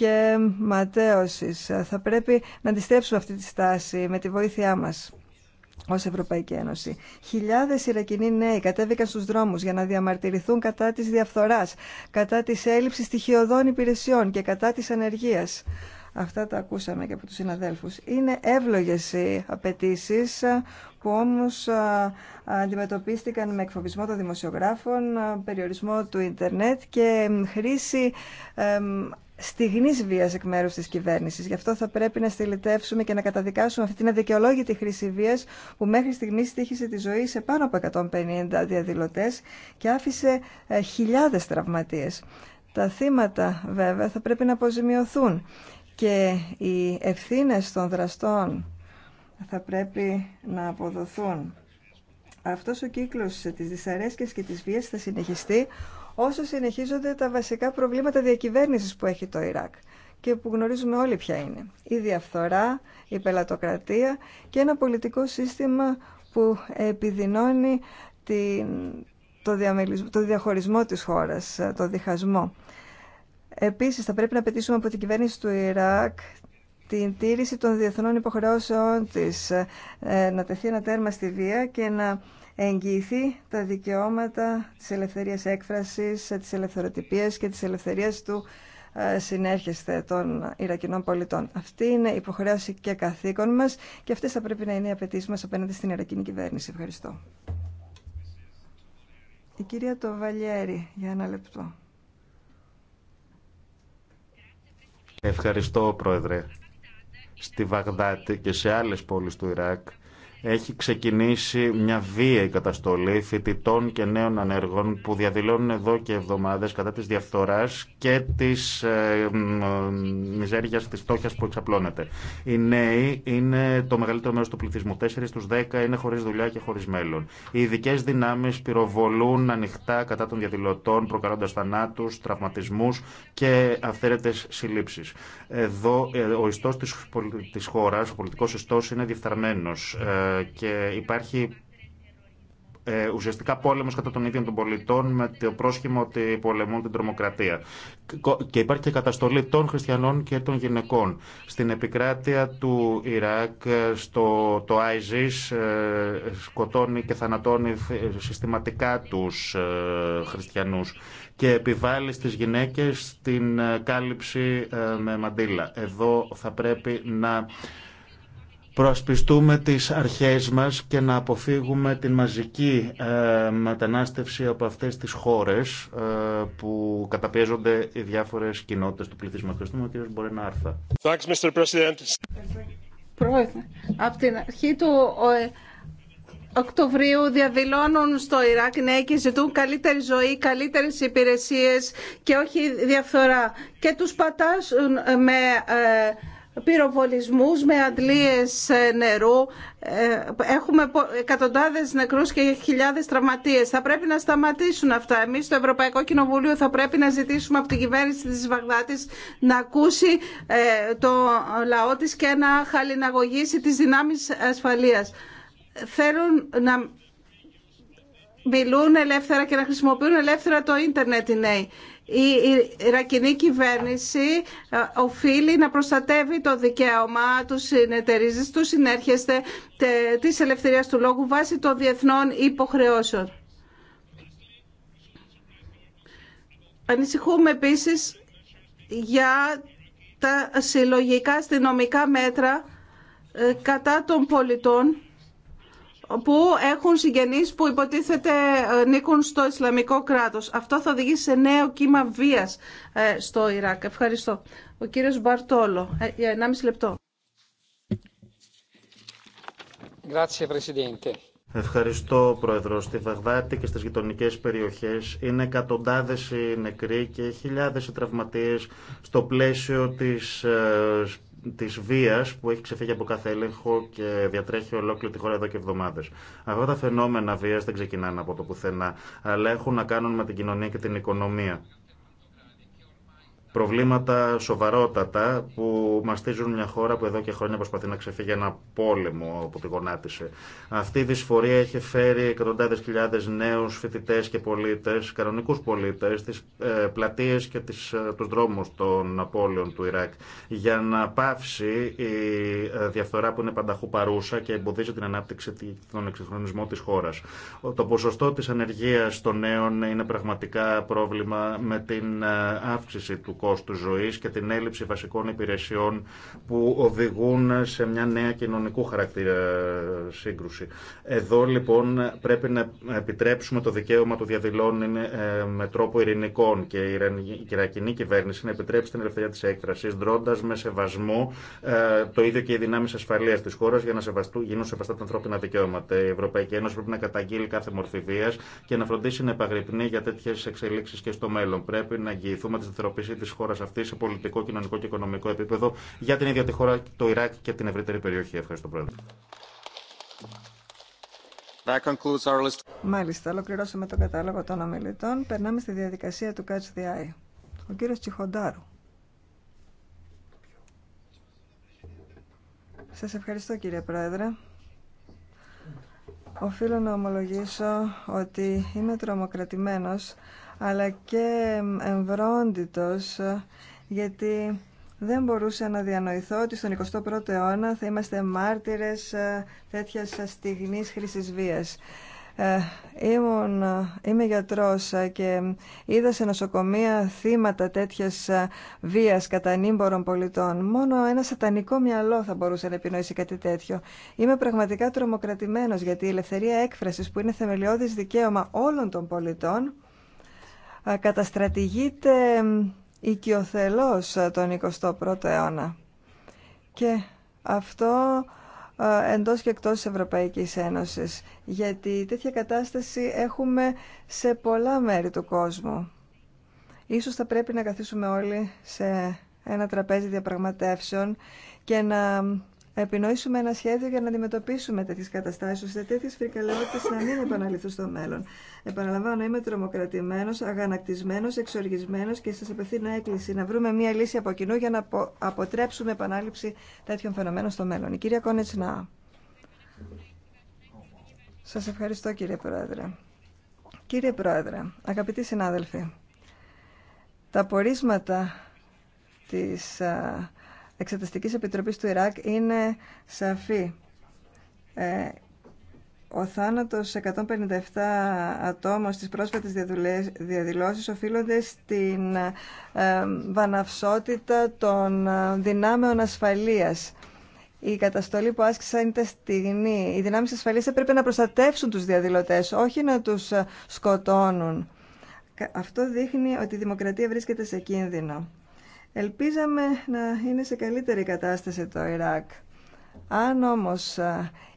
και ματέωσης. Θα πρέπει να αντιστρέψουμε αυτή τη στάση με τη βοήθειά μας ως Ευρωπαϊκή Ένωση. Χιλιάδες Ιρακινοί νέοι κατέβηκαν στους δρόμους για να διαμαρτυρηθούν κατά της διαφθοράς, κατά της έλλειψης στοιχειωδών υπηρεσιών και κατά της ανεργίας. Αυτά τα ακούσαμε και από τους συναδέλφους. Είναι εύλογες οι απαιτήσει που όμως αντιμετωπίστηκαν με εκφοβισμό των δημοσιογράφων, περιορισμό του ίντερνετ και χρήση στιγνής βίας εκ μέρους της κυβέρνησης. Γι' αυτό θα πρέπει να στελιτεύσουμε και να καταδικάσουμε αυτή την αδικαιολόγητη χρήση βίας που μέχρι στιγμής στήχησε τη ζωή σε πάνω από 150 διαδηλωτές και άφησε ε, χιλιάδες τραυματίες. Τα θύματα βέβαια θα πρέπει να αποζημιωθούν και οι ευθύνες των δραστών θα πρέπει να αποδοθούν. Αυτός ο κύκλος της δυσαρέσκειας και της βίας θα συνεχιστεί όσο συνεχίζονται τα βασικά προβλήματα διακυβέρνησης που έχει το Ιράκ και που γνωρίζουμε όλοι ποια είναι. Η διαφθορά, η πελατοκρατία και ένα πολιτικό σύστημα που επιδεινώνει το, το διαχωρισμό της χώρας, το διχασμό. Επίσης θα πρέπει να απαιτήσουμε από την κυβέρνηση του Ιράκ την τήρηση των διεθνών υποχρεώσεών της, ε, να τεθεί ένα τέρμα στη βία και να εγγυηθεί τα δικαιώματα της ελευθερίας έκφρασης, της ελευθεροτυπίας και της ελευθερίας του ε, συνέρχεσθε των Ιρακινών πολιτών. Αυτή είναι υποχρέωση και καθήκον μας και αυτές θα πρέπει να είναι οι απαιτήσει μας απέναντι στην Ιρακινή κυβέρνηση. Ευχαριστώ. Η κυρία Τοβαλιέρη, για ένα λεπτό. Ευχαριστώ, Πρόεδρε. Στη Βαγδάτη και σε άλλες πόλεις του Ιράκ έχει ξεκινήσει μια βία η καταστολή φοιτητών και νέων ανέργων που διαδηλώνουν εδώ και εβδομάδες κατά της διαφθοράς και της ε, ε, μιζέριας, της φτώχειας που εξαπλώνεται. Οι νέοι είναι το μεγαλύτερο μέρος του πληθυσμού. 4 στους 10 είναι χωρίς δουλειά και χωρίς μέλλον. Οι ειδικέ δυνάμεις πυροβολούν ανοιχτά κατά των διαδηλωτών, προκαλώντας θανάτους, τραυματισμούς και αυθαίρετες συλλήψεις. Εδώ ε, ο ιστός της, της ο πολιτικός ιστός είναι διεφθαρμένος. Ε, και υπάρχει ε, ουσιαστικά πόλεμος κατά των ίδιων των πολιτών με το πρόσχημα ότι πολεμούν την τρομοκρατία. Και υπάρχει και καταστολή των χριστιανών και των γυναικών. Στην επικράτεια του Ιράκ, στο, το ISIS ε, σκοτώνει και θανατώνει συστηματικά τους ε, χριστιανούς και επιβάλλει στις γυναίκες την κάλυψη με μαντήλα. Εδώ θα πρέπει να προασπιστούμε τις αρχές μας και να αποφύγουμε την μαζική ε, μετανάστευση από αυτές τις χώρες ε, που καταπιέζονται οι διάφορες κοινότητες του πληθυσμού. Ευχαριστούμε, κύριος Μπορένα Άρθα. Πρόεδρε, από την αρχή του ε, Οκτωβρίου διαδηλώνουν στο Ιράκ νέοι και ζητούν καλύτερη ζωή, καλύτερες υπηρεσίες και όχι διαφθορά. Και τους πατάσουν με πυροβολισμούς με αντλίες ε, νερού. Ε, έχουμε εκατοντάδες νεκρούς και χιλιάδες τραυματίες. Θα πρέπει να σταματήσουν αυτά. Εμείς στο Ευρωπαϊκό Κοινοβούλιο θα πρέπει να ζητήσουμε από την κυβέρνηση της Βαγδάτης να ακούσει ε, το λαό της και να χαλιναγωγήσει τις δυνάμεις ασφαλείας. Θέλουν να μιλούν ελεύθερα και να χρησιμοποιούν ελεύθερα το ίντερνετ οι νέοι. Η Ιρακινή κυβέρνηση ε, οφείλει να προστατεύει το δικαίωμα του συνεταιρίζει, του συνέρχεστε της ελευθερίας του λόγου βάσει των διεθνών υποχρεώσεων. Ανησυχούμε επίσης για τα συλλογικά αστυνομικά μέτρα ε, κατά των πολιτών που έχουν συγγενείς που υποτίθεται ε, νίκουν στο Ισλαμικό κράτος. Αυτό θα οδηγήσει σε νέο κύμα βίας ε, στο Ιράκ. Ευχαριστώ. Ο κύριος Μπαρτόλο, ε, για 1,5 λεπτό. Ευχαριστώ, Πρόεδρο. Στη Βαγδάτη και στι γειτονικέ περιοχέ είναι εκατοντάδε οι νεκροί και χιλιάδε οι τραυματίε στο πλαίσιο τη τη βία που έχει ξεφύγει από κάθε έλεγχο και διατρέχει ολόκληρη τη χώρα εδώ και εβδομάδε. Αυτά τα φαινόμενα βία δεν ξεκινάνε από το πουθενά, αλλά έχουν να κάνουν με την κοινωνία και την οικονομία προβλήματα σοβαρότατα που μαστίζουν μια χώρα που εδώ και χρόνια προσπαθεί να ξεφύγει ένα πόλεμο που τη γονάτισε. Αυτή η δυσφορία έχει φέρει εκατοντάδε χιλιάδε νέου φοιτητέ και πολίτε, κανονικού πολίτε, στι ε, πλατείε και τις, ε, τους δρόμους των απόλυων του Ιράκ για να πάυσει η ε, διαφθορά που είναι πανταχού παρούσα και εμποδίζει την ανάπτυξη τον εξυγχρονισμό τη χώρα. Το ποσοστό τη ανεργία των νέων είναι πραγματικά πρόβλημα με την αύξηση του κόστου ζωή και την έλλειψη βασικών υπηρεσιών που οδηγούν σε μια νέα κοινωνικού χαρακτήρα σύγκρουση. Εδώ λοιπόν πρέπει να επιτρέψουμε το δικαίωμα του διαδηλών ε, με τρόπο ειρηνικών και η κυριακή κυβέρνηση να επιτρέψει την ελευθερία τη έκφραση, δρώντα με σεβασμό ε, το ίδιο και οι δυνάμει ασφαλεία τη χώρα για να σεβαστού, γίνουν σεβαστά τα ανθρώπινα δικαιώματα. Η Ευρωπαϊκή Ένωση πρέπει να καταγγείλει κάθε μορφή βία και να φροντίσει να επαγρυπνεί για τέτοιε εξελίξει και στο μέλλον. Πρέπει να εγγυηθούμε τη τη χώρα αυτής σε πολιτικό, κοινωνικό και οικονομικό επίπεδο για την ίδια τη χώρα, το Ιράκ και την ευρύτερη περιοχή. Ευχαριστώ, Πρόεδρε. our list. Μάλιστα, ολοκληρώσαμε τον κατάλογο των ομιλητών. Περνάμε στη διαδικασία του Catch the Eye. Ο κύριος Τσιχοντάρου. Σας ευχαριστώ κύριε Πρόεδρε. Οφείλω να ομολογήσω ότι είμαι τρομοκρατημένος αλλά και εμβρόντιτος γιατί δεν μπορούσα να διανοηθώ ότι στον 21ο αιώνα θα είμαστε μάρτυρες ε, τέτοιας στιγμής χρήσης βίας. Ε, είμαι γιατρός ε, και είδα σε νοσοκομεία θύματα τέτοιας βίας κατά νύμπορων πολιτών. Μόνο ένα σατανικό μυαλό θα μπορούσε να επινοήσει κάτι τέτοιο. Είμαι πραγματικά τρομοκρατημένος γιατί η ελευθερία έκφρασης που είναι θεμελιώδης δικαίωμα όλων των πολιτών καταστρατηγείται οικειοθελώς τον 21ο αιώνα. Και αυτό εντός και εκτός της Ευρωπαϊκής Ένωσης, γιατί τέτοια κατάσταση έχουμε σε πολλά μέρη του κόσμου. Ίσως θα πρέπει να καθίσουμε όλοι σε ένα τραπέζι διαπραγματεύσεων και να επινοήσουμε ένα σχέδιο για να αντιμετωπίσουμε τέτοιε καταστάσει, ώστε τέτοιε φρικαλαιότητε να μην επαναληφθούν στο μέλλον. Επαναλαμβάνω, είμαι τρομοκρατημένο, αγανακτισμένο, εξοργισμένο και σα απευθύνω έκκληση να βρούμε μία λύση από κοινού για να αποτρέψουμε επανάληψη τέτοιων φαινομένων στο μέλλον. Η κυρία Κόνετσνα. Σα ευχαριστώ, κύριε Πρόεδρε. Κύριε Πρόεδρε, αγαπητοί συνάδελφοι, τα πορίσματα της Εξεταστικής Επιτροπής του Ιράκ είναι σαφή. Ε, ο θάνατος 157 ατόμων στις πρόσφατες διαδηλώσεις οφείλονται στην ε, βαναυσότητα των ε, δυνάμεων ασφαλείας. Η καταστολή που άσκησαν ήταν στιγμή. Οι δυνάμεις ασφαλείας έπρεπε να προστατεύσουν τους διαδηλωτές, όχι να τους σκοτώνουν. Αυτό δείχνει ότι η δημοκρατία βρίσκεται σε κίνδυνο. Ελπίζαμε να είναι σε καλύτερη κατάσταση το Ιράκ. Αν όμως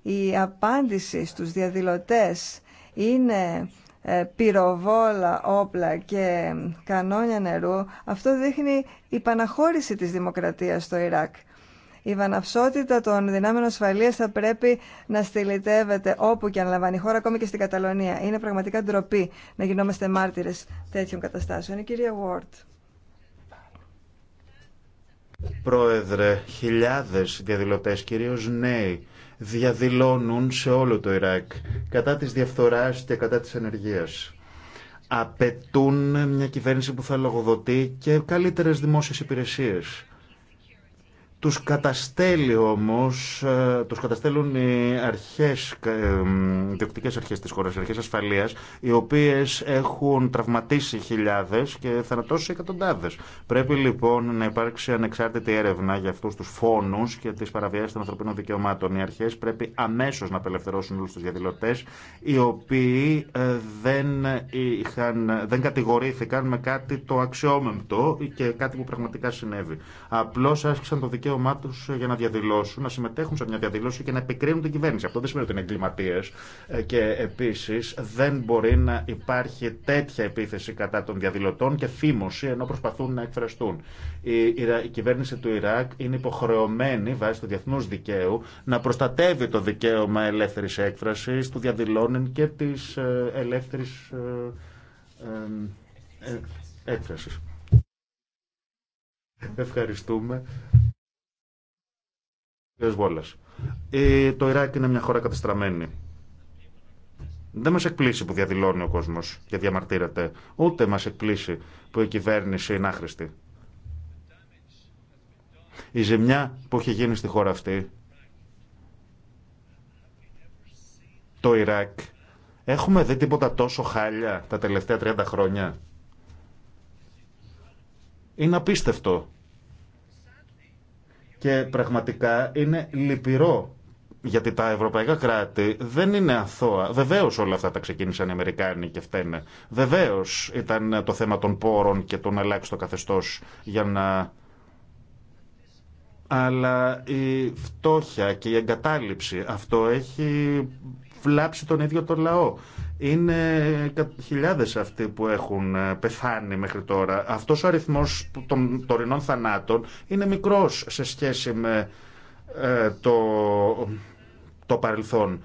η απάντηση στους διαδηλωτές είναι ε, πυροβόλα, όπλα και κανόνια νερού, αυτό δείχνει η παναχώρηση της δημοκρατίας στο Ιράκ. Η βαναυσότητα των δυνάμεων ασφαλεία θα πρέπει να στυλιτεύεται όπου και αν λαμβάνει η χώρα, ακόμη και στην Καταλωνία. Είναι πραγματικά ντροπή να γινόμαστε μάρτυρες τέτοιων καταστάσεων. Η κυρία Βόρτ. Πρόεδρε, χιλιάδες διαδηλωτές, κυρίως νέοι, διαδηλώνουν σε όλο το Ιράκ κατά της διαφθοράς και κατά της ενεργείας. Απαιτούν μια κυβέρνηση που θα λογοδοτεί και καλύτερες δημόσιες υπηρεσίες τους καταστέλει όμως, ε, τους καταστέλουν οι αρχές, ε, διοκτικές αρχές της χώρας, οι αρχές ασφαλείας, οι οποίες έχουν τραυματίσει χιλιάδες και θανατώσει εκατοντάδες. Πρέπει λοιπόν να υπάρξει ανεξάρτητη έρευνα για αυτούς τους φόνους και τις παραβιάσεις των ανθρωπίνων δικαιωμάτων. Οι αρχές πρέπει αμέσως να απελευθερώσουν όλους τους διαδηλωτές, οι οποίοι ε, δεν, είχαν, δεν κατηγορήθηκαν με κάτι το αξιόμεμπτο και κάτι που πραγματικά συνέβη. Απλώς άσκησαν το δικαίωμα δικαίωμά του για να διαδηλώσουν, να συμμετέχουν σε μια διαδήλωση και να επικρίνουν την κυβέρνηση. Αυτό δεν σημαίνει ότι είναι εγκληματίε. Ε, και επίση δεν μπορεί να υπάρχει τέτοια επίθεση κατά των διαδηλωτών και φήμωση ενώ προσπαθούν να εκφραστούν. Η κυβέρνηση του Ιράκ είναι υποχρεωμένη βάσει του διεθνού δικαίου να προστατεύει το δικαίωμα ελεύθερη έκφραση, του διαδηλώνων και τη ε, ελεύθερη ε, έκφραση. Ευχαριστούμε ε, το Ιράκ είναι μια χώρα κατεστραμμένη. Δεν μα εκπλήσει που διαδηλώνει ο κόσμο και διαμαρτύρεται. Ούτε μα εκπλήσει που η κυβέρνηση είναι άχρηστη. Η ζημιά που έχει γίνει στη χώρα αυτή, το Ιράκ, έχουμε δει τίποτα τόσο χάλια τα τελευταία 30 χρόνια. Είναι απίστευτο και πραγματικά είναι λυπηρό γιατί τα ευρωπαϊκά κράτη δεν είναι αθώα. Βεβαίω όλα αυτά τα ξεκίνησαν οι Αμερικάνοι και φταίνε. Βεβαίω ήταν το θέμα των πόρων και το να αλλάξει το καθεστώ για να. Αλλά η φτώχεια και η εγκατάλειψη, αυτό έχει βλάψει τον ίδιο τον λαό. Είναι χιλιάδες αυτοί που έχουν ε, πεθάνει μέχρι τώρα. Αυτός ο αριθμός των τωρινών θανάτων είναι μικρός σε σχέση με ε, το, το παρελθόν.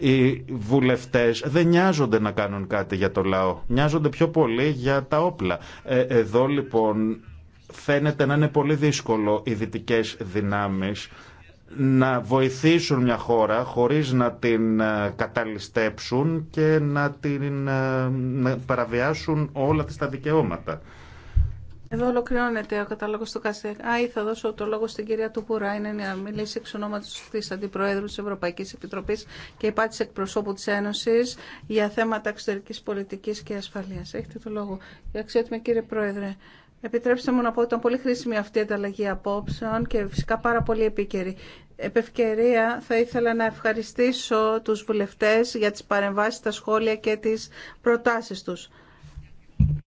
Οι βουλευτές δεν νοιάζονται να κάνουν κάτι για το λαό. Νοιάζονται πιο πολύ για τα όπλα. Ε, εδώ λοιπόν φαίνεται να είναι πολύ δύσκολο οι δυτικέ δυνάμεις να βοηθήσουν μια χώρα χωρίς να την ε, καταλυστέψουν και να την ε, παραβιάσουν όλα τα δικαιώματα. Εδώ ολοκληρώνεται ο κατάλογο του ΚΑΣΕ. Α, θα δώσω το λόγο στην κυρία Τουπουρά. Είναι να μιλήσει εξ ονόματο τη Αντιπροέδρου τη Ευρωπαϊκή Επιτροπή και υπάτη εκπροσώπου τη Ένωση για θέματα εξωτερική πολιτική και ασφαλεία. Έχετε το λόγο. Αξιότιμη κύριε Πρόεδρε, Επιτρέψτε μου να πω ότι ήταν πολύ χρήσιμη αυτή η ανταλλαγή απόψεων και φυσικά πάρα πολύ επίκαιρη. Επ' ευκαιρία θα ήθελα να ευχαριστήσω τους βουλευτές για τις παρεμβάσεις, τα σχόλια και τις προτάσεις τους.